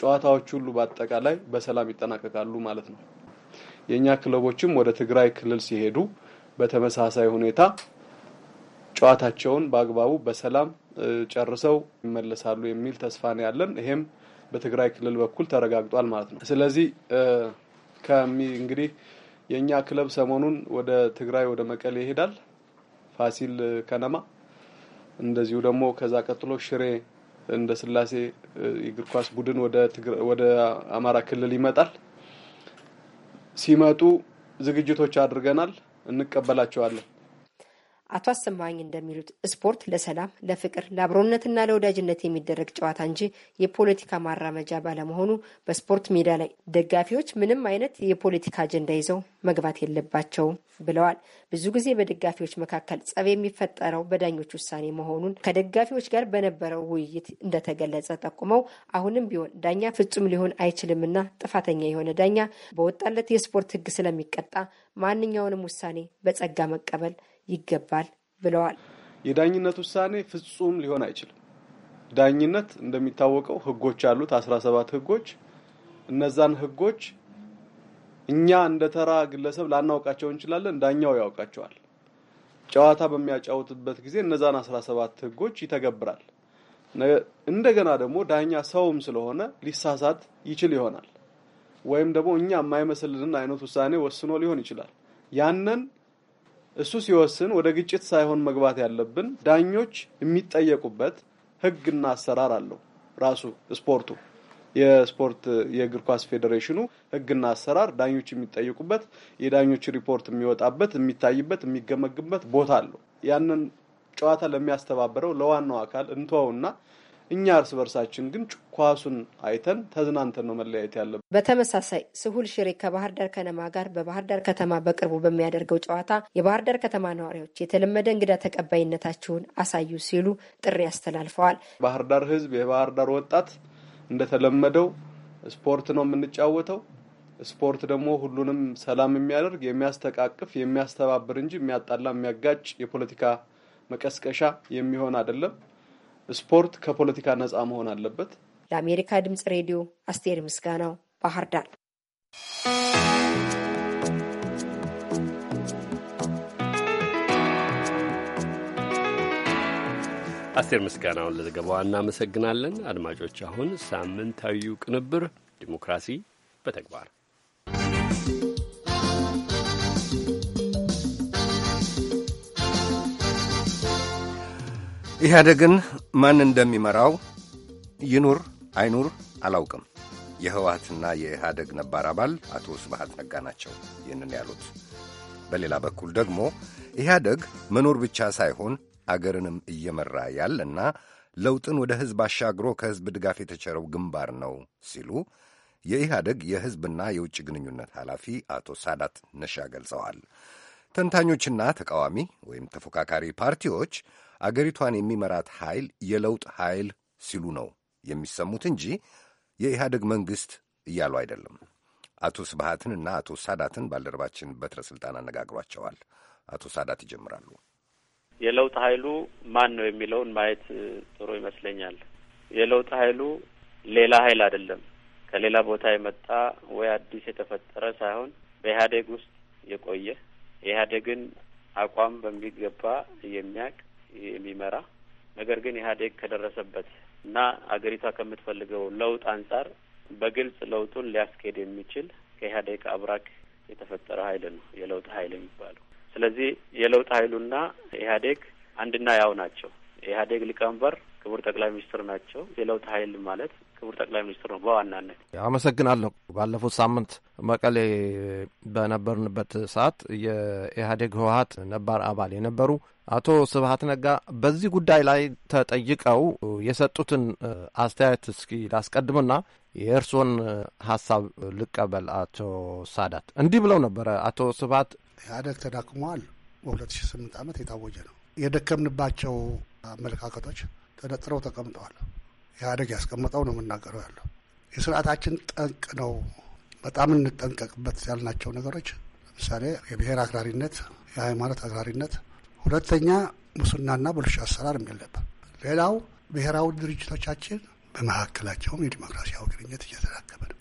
ጨዋታዎች ሁሉ በአጠቃላይ በሰላም ይጠናቀቃሉ ማለት ነው። የእኛ ክለቦችም ወደ ትግራይ ክልል ሲሄዱ በተመሳሳይ ሁኔታ ጨዋታቸውን በአግባቡ በሰላም ጨርሰው ይመለሳሉ የሚል ተስፋ ነው ያለን። ይሄም በትግራይ ክልል በኩል ተረጋግጧል ማለት ነው። ስለዚህ እንግዲህ የእኛ ክለብ ሰሞኑን ወደ ትግራይ ወደ መቀሌ ይሄዳል። ፋሲል ከነማ እንደዚሁ ደግሞ ከዛ ቀጥሎ ሽሬ እንደ ስላሴ የእግር ኳስ ቡድን ወደ አማራ ክልል ይመጣል። ሲመጡ ዝግጅቶች አድርገናል። እንቀበላቸዋለን። አቶ አሰማኝ እንደሚሉት ስፖርት ለሰላም፣ ለፍቅር፣ ለአብሮነትና ለወዳጅነት የሚደረግ ጨዋታ እንጂ የፖለቲካ ማራመጃ ባለመሆኑ በስፖርት ሜዳ ላይ ደጋፊዎች ምንም አይነት የፖለቲካ አጀንዳ ይዘው መግባት የለባቸውም ብለዋል። ብዙ ጊዜ በደጋፊዎች መካከል ጸብ የሚፈጠረው በዳኞች ውሳኔ መሆኑን ከደጋፊዎች ጋር በነበረው ውይይት እንደተገለጸ ጠቁመው አሁንም ቢሆን ዳኛ ፍጹም ሊሆን አይችልምና ጥፋተኛ የሆነ ዳኛ በወጣለት የስፖርት ሕግ ስለሚቀጣ ማንኛውንም ውሳኔ በጸጋ መቀበል ይገባል ብለዋል። የዳኝነት ውሳኔ ፍጹም ሊሆን አይችልም። ዳኝነት እንደሚታወቀው ህጎች አሉት፣ አስራ ሰባት ህጎች። እነዛን ህጎች እኛ እንደ ተራ ግለሰብ ላናውቃቸው እንችላለን፣ ዳኛው ያውቃቸዋል። ጨዋታ በሚያጫውትበት ጊዜ እነዛን አስራ ሰባት ህጎች ይተገብራል። እንደገና ደግሞ ዳኛ ሰውም ስለሆነ ሊሳሳት ይችል ይሆናል ወይም ደግሞ እኛ የማይመስልንን አይነት ውሳኔ ወስኖ ሊሆን ይችላል። ያንን እሱ ሲወስን ወደ ግጭት ሳይሆን መግባት ያለብን ዳኞች የሚጠየቁበት ህግና አሰራር አለው። ራሱ ስፖርቱ የስፖርት የእግር ኳስ ፌዴሬሽኑ ህግና አሰራር ዳኞች የሚጠየቁበት የዳኞች ሪፖርት የሚወጣበት፣ የሚታይበት፣ የሚገመግበት ቦታ አለው። ያንን ጨዋታ ለሚያስተባብረው ለዋናው አካል እንተውና እኛ እርስ በርሳችን ግን ኳሱን አይተን ተዝናንተን ነው መለያየት ያለብን። በተመሳሳይ ስሁል ሽሬ ከባህር ዳር ከነማ ጋር በባህር ዳር ከተማ በቅርቡ በሚያደርገው ጨዋታ የባህር ዳር ከተማ ነዋሪዎች የተለመደ እንግዳ ተቀባይነታችሁን አሳዩ ሲሉ ጥሪ አስተላልፈዋል። ባህር ዳር ህዝብ፣ የባህር ዳር ወጣት እንደተለመደው ስፖርት ነው የምንጫወተው። ስፖርት ደግሞ ሁሉንም ሰላም የሚያደርግ የሚያስተቃቅፍ፣ የሚያስተባብር እንጂ የሚያጣላ፣ የሚያጋጭ የፖለቲካ መቀስቀሻ የሚሆን አይደለም። ስፖርት ከፖለቲካ ነፃ መሆን አለበት። ለአሜሪካ ድምፅ ሬዲዮ አስቴር ምስጋናው ባህር ዳር። አስቴር ምስጋናውን ለዘገባዋ እናመሰግናለን። አድማጮች፣ አሁን ሳምንታዊው ቅንብር ዲሞክራሲ በተግባር ኢህአደግን ማን እንደሚመራው ይኑር አይኑር አላውቅም። የህወሓትና የኢህአደግ ነባር አባል አቶ ስብሃት ነጋ ናቸው ይህንን ያሉት። በሌላ በኩል ደግሞ ኢህአደግ መኖር ብቻ ሳይሆን አገርንም እየመራ ያለና ለውጥን ወደ ሕዝብ አሻግሮ ከሕዝብ ድጋፍ የተቸረው ግንባር ነው ሲሉ የኢህአደግ የሕዝብና የውጭ ግንኙነት ኃላፊ አቶ ሳዳት ነሻ ገልጸዋል። ተንታኞችና ተቃዋሚ ወይም ተፎካካሪ ፓርቲዎች አገሪቷን የሚመራት ኃይል የለውጥ ኃይል ሲሉ ነው የሚሰሙት እንጂ የኢህአደግ መንግሥት እያሉ አይደለም። አቶ ስብሃትን እና አቶ ሳዳትን ባልደረባችን በትረ ስልጣን አነጋግሯቸዋል። አቶ ሳዳት ይጀምራሉ። የለውጥ ኃይሉ ማን ነው የሚለውን ማየት ጥሩ ይመስለኛል። የለውጥ ኃይሉ ሌላ ኃይል አይደለም። ከሌላ ቦታ የመጣ ወይ አዲስ የተፈጠረ ሳይሆን በኢህአዴግ ውስጥ የቆየ የኢህአዴግን አቋም በሚገባ የሚያውቅ የሚመራ ነገር ግን ኢህአዴግ ከደረሰበት እና አገሪቷ ከምትፈልገው ለውጥ አንጻር በግልጽ ለውጡን ሊያስኬድ የሚችል ከኢህአዴግ አብራክ የተፈጠረ ኃይል ነው የለውጥ ኃይል የሚባለው። ስለዚህ የለውጥ ኃይሉና ኢህአዴግ አንድና ያው ናቸው። ኢህአዴግ ሊቀመንበር ክቡር ጠቅላይ ሚኒስትር ናቸው። የለውጥ ሀይል ማለት ክቡር ጠቅላይ ሚኒስትር ነው በዋናነት። አመሰግናለሁ። ባለፉት ሳምንት መቀሌ በነበርንበት ሰዓት የኢህአዴግ ህወሀት ነባር አባል የነበሩ አቶ ስብሀት ነጋ በዚህ ጉዳይ ላይ ተጠይቀው የሰጡትን አስተያየት እስኪ ላስቀድምና የእርስዎን ሀሳብ ልቀበል። አቶ ሳዳት እንዲህ ብለው ነበረ። አቶ ስብሀት ኢህአዴግ ተዳክሟል፣ 208 ዓመት የታወጀ ነው። የደከምንባቸው አመለካከቶች ተነጥረው ተቀምጠዋል። ኢህአዴግ ያስቀመጠው ነው የምናገረው ያለው የስርዓታችን ጠንቅ ነው። በጣም እንጠንቀቅበት ያልናቸው ነገሮች ለምሳሌ የብሔር አክራሪነት፣ የሃይማኖት አክራሪነት ሁለተኛ ሙስናና ብልሹ አሰራር የሚል ሌላው ብሔራዊ ድርጅቶቻችን በመካከላቸውም የዲሞክራሲያዊ ግንኙነት እየተዳከመ ነው።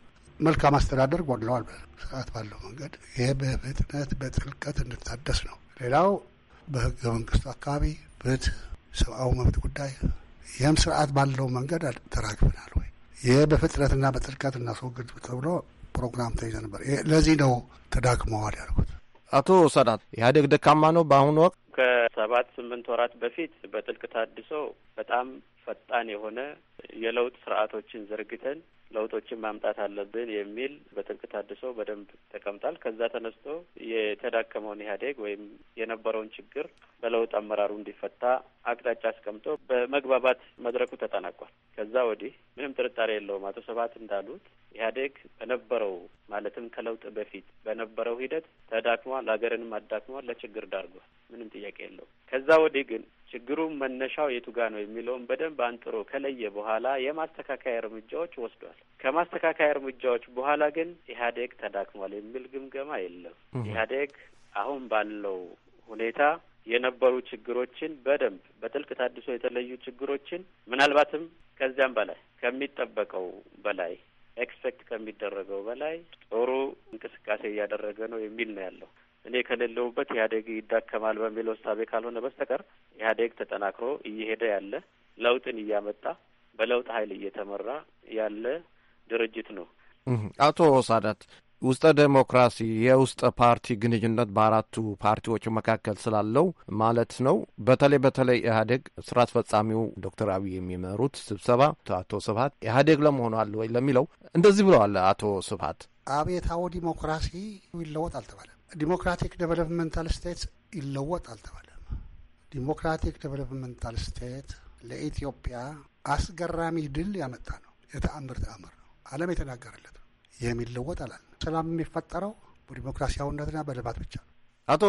መልካም አስተዳደር ጎድለዋል ስርዓት ባለው መንገድ ይህ በፍጥነት በጥልቀት እንድታደስ ነው። ሌላው በህገ መንግስቱ አካባቢ ፍትህ፣ ሰብአዊ መብት ጉዳይ ይህም ስርዓት ባለው መንገድ ተራግፈናል ወይ? ይህ በፍጥነትና በጥልቀት እናስወግድ ተብሎ ፕሮግራም ተይዘ ነበር። ለዚህ ነው ተዳክመዋል ያልኩት። አቶ ሰዳት ኢህአዴግ ደካማ ነው በአሁኑ ወቅት ከሰባት ስምንት ወራት በፊት በጥልቅ ታድሶ በጣም ፈጣን የሆነ የለውጥ ስርዓቶችን ዘርግተን ለውጦችን ማምጣት አለብን የሚል በጥብቅ ታድሶ በደንብ ተቀምጧል። ከዛ ተነስቶ የተዳከመውን ኢህአዴግ ወይም የነበረውን ችግር በለውጥ አመራሩ እንዲፈታ አቅጣጫ አስቀምጦ በመግባባት መድረኩ ተጠናቋል። ከዛ ወዲህ ምንም ጥርጣሬ የለውም አቶ ሰባት እንዳሉት ኢህአዴግ በነበረው ማለትም ከለውጥ በፊት በነበረው ሂደት ተዳክሟል፣ ሀገርንም አዳክሟል፣ ለችግር ዳርጓል። ምንም ጥያቄ የለውም። ከዛ ወዲህ ግን ችግሩ መነሻው የቱ ጋ ነው የሚለውን በደንብ አንጥሮ ከለየ በኋላ የማስተካከያ እርምጃዎች ወስዷል። ከማስተካከያ እርምጃዎች በኋላ ግን ኢህአዴግ ተዳክሟል የሚል ግምገማ የለም። ኢህአዴግ አሁን ባለው ሁኔታ የነበሩ ችግሮችን በደንብ በጥልቅ ታድሶ የተለዩ ችግሮችን ምናልባትም ከዚያም በላይ ከሚጠበቀው በላይ ኤክስፔክት ከሚደረገው በላይ ጥሩ እንቅስቃሴ እያደረገ ነው የሚል ነው ያለው። እኔ ከሌለሁበት ኢህአዴግ ይዳከማል በሚለው እሳቤ ካልሆነ በስተቀር ኢህአዴግ ተጠናክሮ እየሄደ ያለ ለውጥን እያመጣ በለውጥ ኃይል እየተመራ ያለ ድርጅት ነው። አቶ ሳዳት ውስጠ ዴሞክራሲ የውስጠ ፓርቲ ግንኙነት በአራቱ ፓርቲዎች መካከል ስላለው ማለት ነው። በተለይ በተለይ ኢህአዴግ ስራ አስፈጻሚው ዶክተር አብይ የሚመሩት ስብሰባ አቶ ስብሀት ኢህአዴግ ለመሆኑ አለ ወይ ለሚለው እንደዚህ ብለዋል አቶ ስብሀት አብዮታዊ ዲሞክራሲ ይለወጥ አልተባለ ዲሞክራቲክ ዴቨሎፕመንታል ስቴትስ ይለወጥ አልተባለም። ዲሞክራቲክ ዴቨሎፕመንታል ስቴት ለኢትዮጵያ አስገራሚ ድል ያመጣ ነው። የተአምር ተአምር ነው። ዓለም የተናገረለት ነው። ይህም ይለወጥ አላለም። ሰላም የሚፈጠረው በዲሞክራሲያዊነትና በልማት ብቻ ነው። አቶ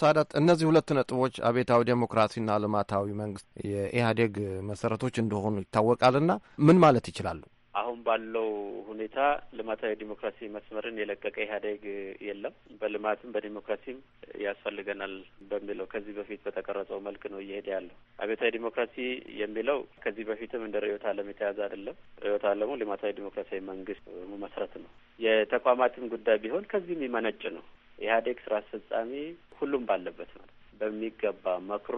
ሳዳት እነዚህ ሁለት ነጥቦች አቤታዊ ዴሞክራሲና ልማታዊ መንግስት የኢህአዴግ መሰረቶች እንደሆኑ ይታወቃልና ምን ማለት ይችላሉ? አሁን ባለው ሁኔታ ልማታዊ ዲሞክራሲ መስመርን የለቀቀ ኢህአዴግ የለም። በልማትም በዲሞክራሲም ያስፈልገናል በሚለው ከዚህ በፊት በተቀረጸው መልክ ነው እየሄደ ያለው። አብዮታዊ ዲሞክራሲ የሚለው ከዚህ በፊትም እንደ ርዕዮተ ዓለም የተያዘ አይደለም። ርዕዮተ ዓለሙ ልማታዊ ዲሞክራሲያዊ መንግስት መሰረት ነው። የተቋማትም ጉዳይ ቢሆን ከዚህም የሚመነጭ ነው። ኢህአዴግ ስራ አስፈጻሚ ሁሉም ባለበት ነው በሚገባ መክሮ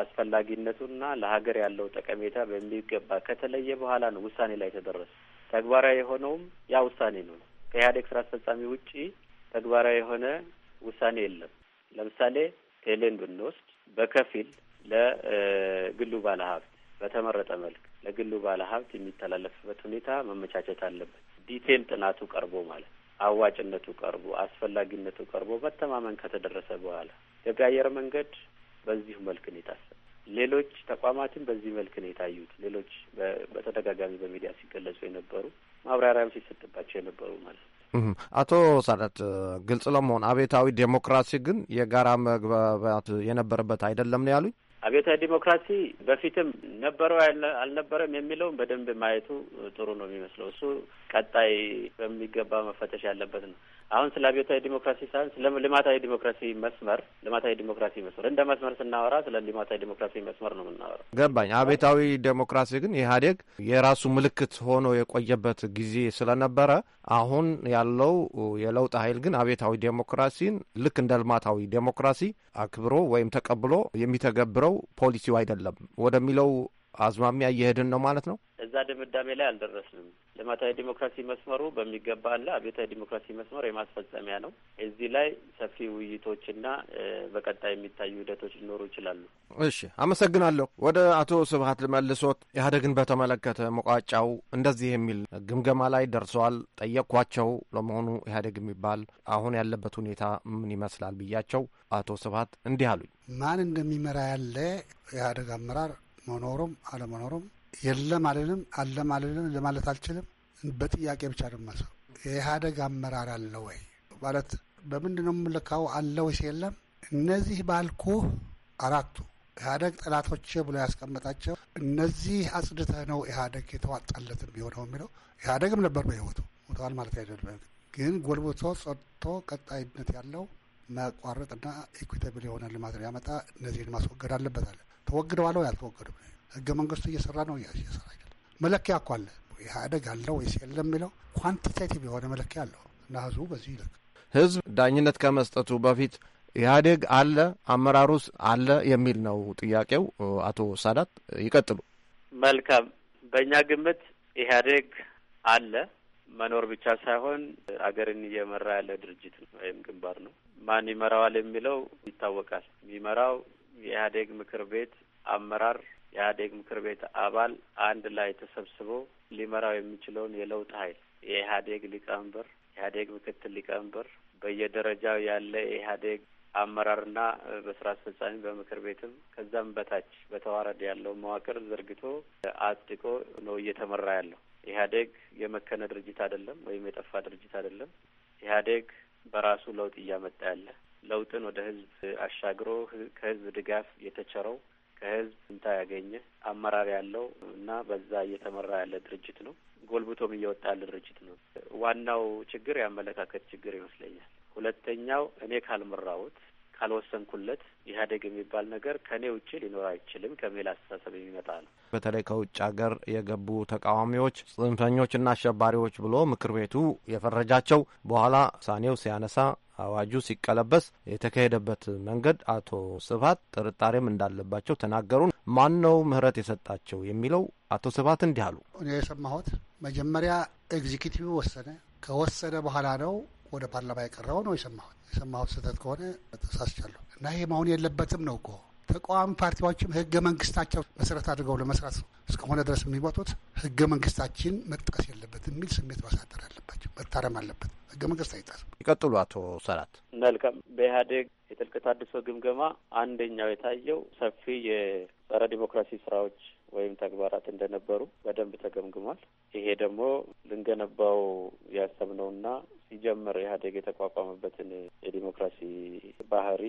አስፈላጊነቱና ለሀገር ያለው ጠቀሜታ በሚገባ ከተለየ በኋላ ነው ውሳኔ ላይ የተደረሰ። ተግባራዊ የሆነውም ያ ውሳኔ ነው። ከኢህአዴግ ስራ አስፈጻሚ ውጪ ተግባራዊ የሆነ ውሳኔ የለም። ለምሳሌ ቴሌን ብንወስድ በከፊል ለግሉ ባለሀብት በተመረጠ መልክ ለግሉ ባለሀብት የሚተላለፍበት ሁኔታ መመቻቸት አለበት። ዲቴል ጥናቱ ቀርቦ ማለት አዋጭነቱ ቀርቦ አስፈላጊነቱ ቀርቦ መተማመን ከተደረሰ በኋላ ኢትዮጵያ አየር መንገድ በዚሁ መልክ ነው የታሰበ። ሌሎች ተቋማትን በዚህ መልክ ነው የታዩት። ሌሎች በተደጋጋሚ በሚዲያ ሲገለጹ የነበሩ ማብራሪያም ሲሰጥባቸው የነበሩ ማለት ነው። አቶ ሳዳት ግልጽ ለመሆን አቤታዊ ዴሞክራሲ ግን የጋራ መግባባት የነበረበት አይደለም ነው ያሉኝ። አብዮታዊ ዲሞክራሲ በፊትም ነበረው አልነበረም የሚለውን በደንብ ማየቱ ጥሩ ነው የሚመስለው። እሱ ቀጣይ በሚገባ መፈተሽ ያለበት ነው። አሁን ስለ አብዮታዊ ዲሞክራሲ ሳይሆን ስለ ልማታዊ ዲሞክራሲ መስመር ልማታዊ ዲሞክራሲ መስመር እንደ መስመር ስናወራ ስለ ልማታዊ ዲሞክራሲ መስመር ነው የምናወራው። ገባኝ። አብዮታዊ ዲሞክራሲ ግን ኢህአዴግ የራሱ ምልክት ሆኖ የቆየበት ጊዜ ስለነበረ አሁን ያለው የለውጥ ኃይል ግን አብዮታዊ ዲሞክራሲን ልክ እንደ ልማታዊ ዲሞክራሲ አክብሮ ወይም ተቀብሎ የሚተገብረው ፖሊሲው አይደለም ወደሚለው አዝማሚያ እየሄድን ነው ማለት ነው። እዛ ድምዳሜ ላይ አልደረስንም። ልማታዊ ዲሞክራሲ መስመሩ በሚገባ አለ። አብዮታዊ ዲሞክራሲ መስመር የማስፈጸሚያ ነው። እዚህ ላይ ሰፊ ውይይቶችና በቀጣይ የሚታዩ ሂደቶች ሊኖሩ ይችላሉ። እሺ፣ አመሰግናለሁ። ወደ አቶ ስብሀት ልመልሶት ኢህአዴግን በተመለከተ መቋጫው እንደዚህ የሚል ግምገማ ላይ ደርሰዋል። ጠየቅኳቸው። ለመሆኑ ኢህአዴግ የሚባል አሁን ያለበት ሁኔታ ምን ይመስላል ብያቸው አቶ ስብሀት እንዲህ አሉኝ። ማን እንደሚመራ ያለ ኢህአዴግ አመራር መኖሩም አለመኖሩም የለም አልልም፣ አለም አልልም ለማለት አልችልም። በጥያቄ ብቻ ደመሰው የኢህአደግ አመራር አለ ወይ ማለት በምንድን ነው የምልካው? አለ ወይስ የለም? እነዚህ ባልኩ አራቱ ኢህአደግ ጠላቶች ብሎ ያስቀመጣቸው እነዚህ አጽድተህ ነው ኢህአደግ የተዋጣለት የሚሆነው የሚለው ኢህአደግም ነበር በህይወቱ ሞተዋል ማለት አይደለም፣ ግን ጎልብቶ ጸድቶ ቀጣይነት ያለው መቋረጥና ኢኩቴብል የሆነ ልማት ያመጣ እነዚህን ማስወገድ አለበታል። ተወግደዋል ወይ አልተወገዱም? ህገ መንግስቱ እየሰራ ነው እየሰራ መለኪያ እኮ አለ። ኢህአደግ አለው ወይስ የለም የሚለው ኳንቲቴቲቭ የሆነ መለኪያ አለው እና ህዝቡ በዚህ ይልክ ህዝብ ዳኝነት ከመስጠቱ በፊት ኢህአዴግ አለ አመራሩስ አለ የሚል ነው ጥያቄው። አቶ ሳዳት ይቀጥሉ። መልካም። በእኛ ግምት ኢህአዴግ አለ መኖር ብቻ ሳይሆን አገርን እየመራ ያለ ድርጅት ነው ወይም ግንባር ነው። ማን ይመራዋል የሚለው ይታወቃል። የሚመራው የኢህአዴግ ምክር ቤት አመራር የኢህአዴግ ምክር ቤት አባል አንድ ላይ ተሰብስቦ ሊመራው የሚችለውን የለውጥ ኃይል የኢህአዴግ ሊቀመንበር፣ ኢህአዴግ ምክትል ሊቀመንበር፣ በየደረጃው ያለ የኢህአዴግ አመራርና በስራ አስፈጻሚ በምክር ቤትም ከዛም በታች በተዋረድ ያለው መዋቅር ዘርግቶ አጽድቆ ነው እየተመራ ያለው። ኢህአዴግ የመከነ ድርጅት አይደለም፣ ወይም የጠፋ ድርጅት አይደለም። ኢህአዴግ በራሱ ለውጥ እያመጣ ያለ ለውጥን ወደ ህዝብ አሻግሮ ከህዝብ ድጋፍ የተቸረው ከህዝብ ስንታ ያገኘ አመራር ያለው እና በዛ እየተመራ ያለ ድርጅት ነው። ጎልብቶም እየወጣ ያለ ድርጅት ነው። ዋናው ችግር የአመለካከት ችግር ይመስለኛል። ሁለተኛው እኔ ካልመራሁት ካልወሰንኩለት ኢህአዴግ የሚባል ነገር ከእኔ ውጭ ሊኖር አይችልም ከሚል አስተሳሰብ የሚመጣ ነው። በተለይ ከውጭ ሀገር የገቡ ተቃዋሚዎች፣ ጽንፈኞችና አሸባሪዎች ብሎ ምክር ቤቱ የፈረጃቸው በኋላ ሳኔው ሲያነሳ አዋጁ ሲቀለበስ የተካሄደበት መንገድ አቶ ስብሀት ጥርጣሬም እንዳለባቸው ተናገሩን። ማን ነው ምህረት የሰጣቸው የሚለው አቶ ስብሀት እንዲህ አሉ። እኔ የሰማሁት መጀመሪያ ኤግዚኪቲቭ ወሰነ፣ ከወሰነ በኋላ ነው ወደ ፓርላማ የቀረበው ነው የሰማሁት። የሰማሁት ስህተት ከሆነ ተሳስቻለሁ እና ይሄ መሆን የለበትም ነው እኮ ተቃዋሚ ፓርቲዎችም ህገ መንግስታቸው መሰረት አድርገው ለመስራት እስከሆነ ድረስ የሚወጡት ህገ መንግስታችን መጥቀስ የለበት የሚል ስሜት ማሳደር አለባቸው። መታረም አለበት። ህገ መንግስት አይጣስም። ይቀጥሉ አቶ ሰራት። መልካም። በኢህአዴግ የጥልቅ ተሃድሶ ግምገማ አንደኛው የታየው ሰፊ የጸረ ዲሞክራሲ ስራዎች ወይም ተግባራት እንደነበሩ በደንብ ተገምግሟል። ይሄ ደግሞ ልንገነባው ያሰብነውና ሲጀምር ኢህአዴግ የተቋቋመበትን የዲሞክራሲ ባህሪ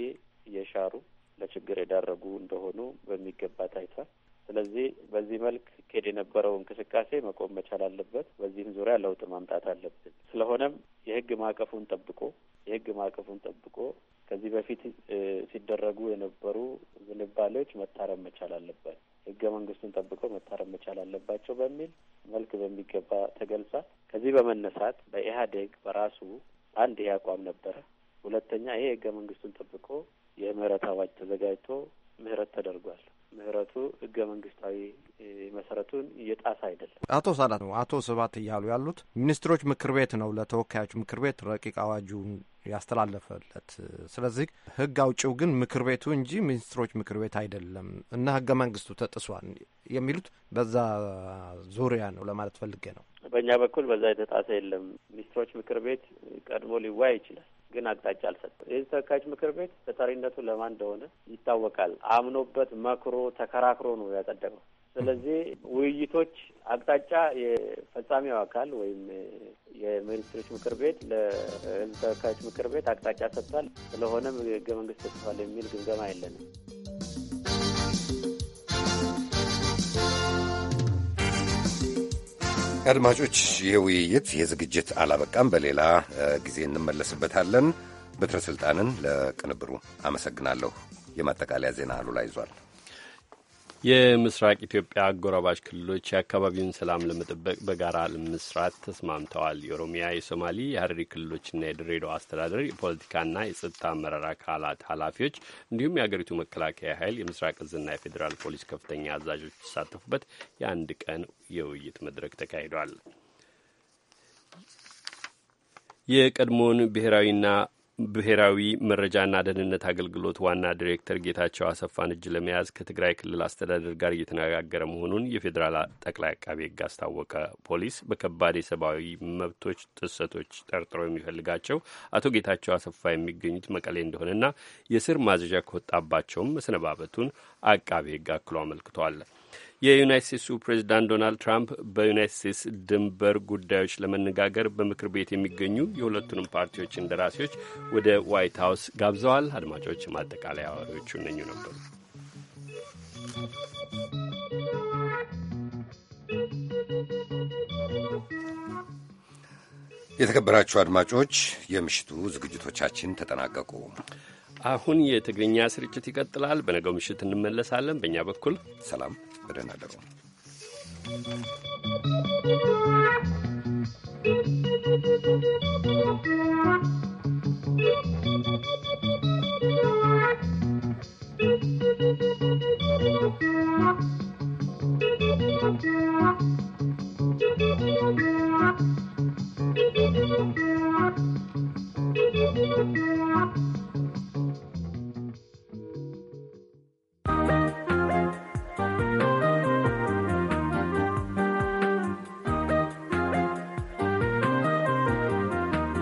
የሻሩ ለችግር የዳረጉ እንደሆኑ በሚገባ ታይቷል። ስለዚህ በዚህ መልክ ሲካሄድ የነበረው እንቅስቃሴ መቆም መቻል አለበት። በዚህም ዙሪያ ለውጥ ማምጣት አለብን። ስለሆነም የህግ ማዕቀፉን ጠብቆ የህግ ማዕቀፉን ጠብቆ ከዚህ በፊት ሲደረጉ የነበሩ ዝንባሌዎች መታረም መቻል አለበት። ህገ መንግስቱን ጠብቀው መታረም መቻል አለባቸው በሚል መልክ በሚገባ ተገልጿል። ከዚህ በመነሳት በኢህአዴግ በራሱ አንድ ይሄ አቋም ነበረ። ሁለተኛ ይሄ ህገ መንግስቱን ጠብቆ የምህረት አዋጅ ተዘጋጅቶ ምህረት ተደርጓል። ምህረቱ ህገ መንግስታዊ መሰረቱን እየጣሰ አይደለም። አቶ ሳላት ነው አቶ ስባት እያሉ ያሉት ሚኒስትሮች ምክር ቤት ነው ለተወካዮች ምክር ቤት ረቂቅ አዋጁን ያስተላለፈለት። ስለዚህ ህግ አውጪው ግን ምክር ቤቱ እንጂ ሚኒስትሮች ምክር ቤት አይደለም እና ህገ መንግስቱ ተጥሷል የሚሉት በዛ ዙሪያ ነው ለማለት ፈልጌ ነው። በእኛ በኩል በዛ የተጣሰ የለም። ሚኒስትሮች ምክር ቤት ቀድሞ ሊዋይ ይችላል፣ ግን አቅጣጫ አልሰጠም። የህዝብ ተወካዮች ምክር ቤት ተጠሪነቱ ለማን እንደሆነ ይታወቃል። አምኖበት መክሮ ተከራክሮ ነው ያጸደቀው። ስለዚህ ውይይቶች አቅጣጫ የፈጻሚው አካል ወይም የሚኒስትሮች ምክር ቤት ለህዝብ ተወካዮች ምክር ቤት አቅጣጫ ሰጥቷል። ስለሆነም ህገ መንግስት ተጽፏል የሚል ግምገማ የለንም። አድማጮች፣ ይህ ውይይት የዝግጅት ዝግጅት አላበቃም። በሌላ ጊዜ እንመለስበታለን። በትረ ስልጣንን ለቅንብሩ አመሰግናለሁ። የማጠቃለያ ዜና አሉላ ይዟል። የምስራቅ ኢትዮጵያ አጎራባች ክልሎች የአካባቢውን ሰላም ለመጠበቅ በጋራ ለመስራት ተስማምተዋል። የኦሮሚያ፣ የሶማሌ፣ የሀረሪ ክልሎችና የድሬዳዋ አስተዳደር የፖለቲካና የጸጥታ አመራር አካላት ኃላፊዎች እንዲሁም የአገሪቱ መከላከያ ኃይል የምስራቅ እዝና የፌዴራል ፖሊስ ከፍተኛ አዛዦች የተሳተፉበት የአንድ ቀን የውይይት መድረክ ተካሂዷል። የቀድሞውን ብሔራዊና ብሔራዊ መረጃና ደህንነት አገልግሎት ዋና ዲሬክተር ጌታቸው አሰፋን እጅ ለመያዝ ከትግራይ ክልል አስተዳደር ጋር እየተነጋገረ መሆኑን የፌዴራል ጠቅላይ አቃቤ ሕግ አስታወቀ። ፖሊስ በከባድ የሰብአዊ መብቶች ጥሰቶች ጠርጥሮ የሚፈልጋቸው አቶ ጌታቸው አሰፋ የሚገኙት መቀሌ እንደሆነና የስር ማዘዣ ከወጣባቸውም መሰነባበቱን አቃቤ ሕግ አክሎ አመልክቷል። የዩናይት ስቴትሱ ፕሬዚዳንት ዶናልድ ትራምፕ በዩናይት ስቴትስ ድንበር ጉዳዮች ለመነጋገር በምክር ቤት የሚገኙ የሁለቱንም ፓርቲዎች እንደራሴዎች ወደ ዋይት ሀውስ ጋብዘዋል። አድማጮች፣ ማጠቃለያ አዋሪዎቹ እነኙ ነበሩ። የተከበራችሁ አድማጮች፣ የምሽቱ ዝግጅቶቻችን ተጠናቀቁ። አሁን የትግርኛ ስርጭት ይቀጥላል። በነገው ምሽት እንመለሳለን። በእኛ በኩል ሰላም። በደህና ደሩ።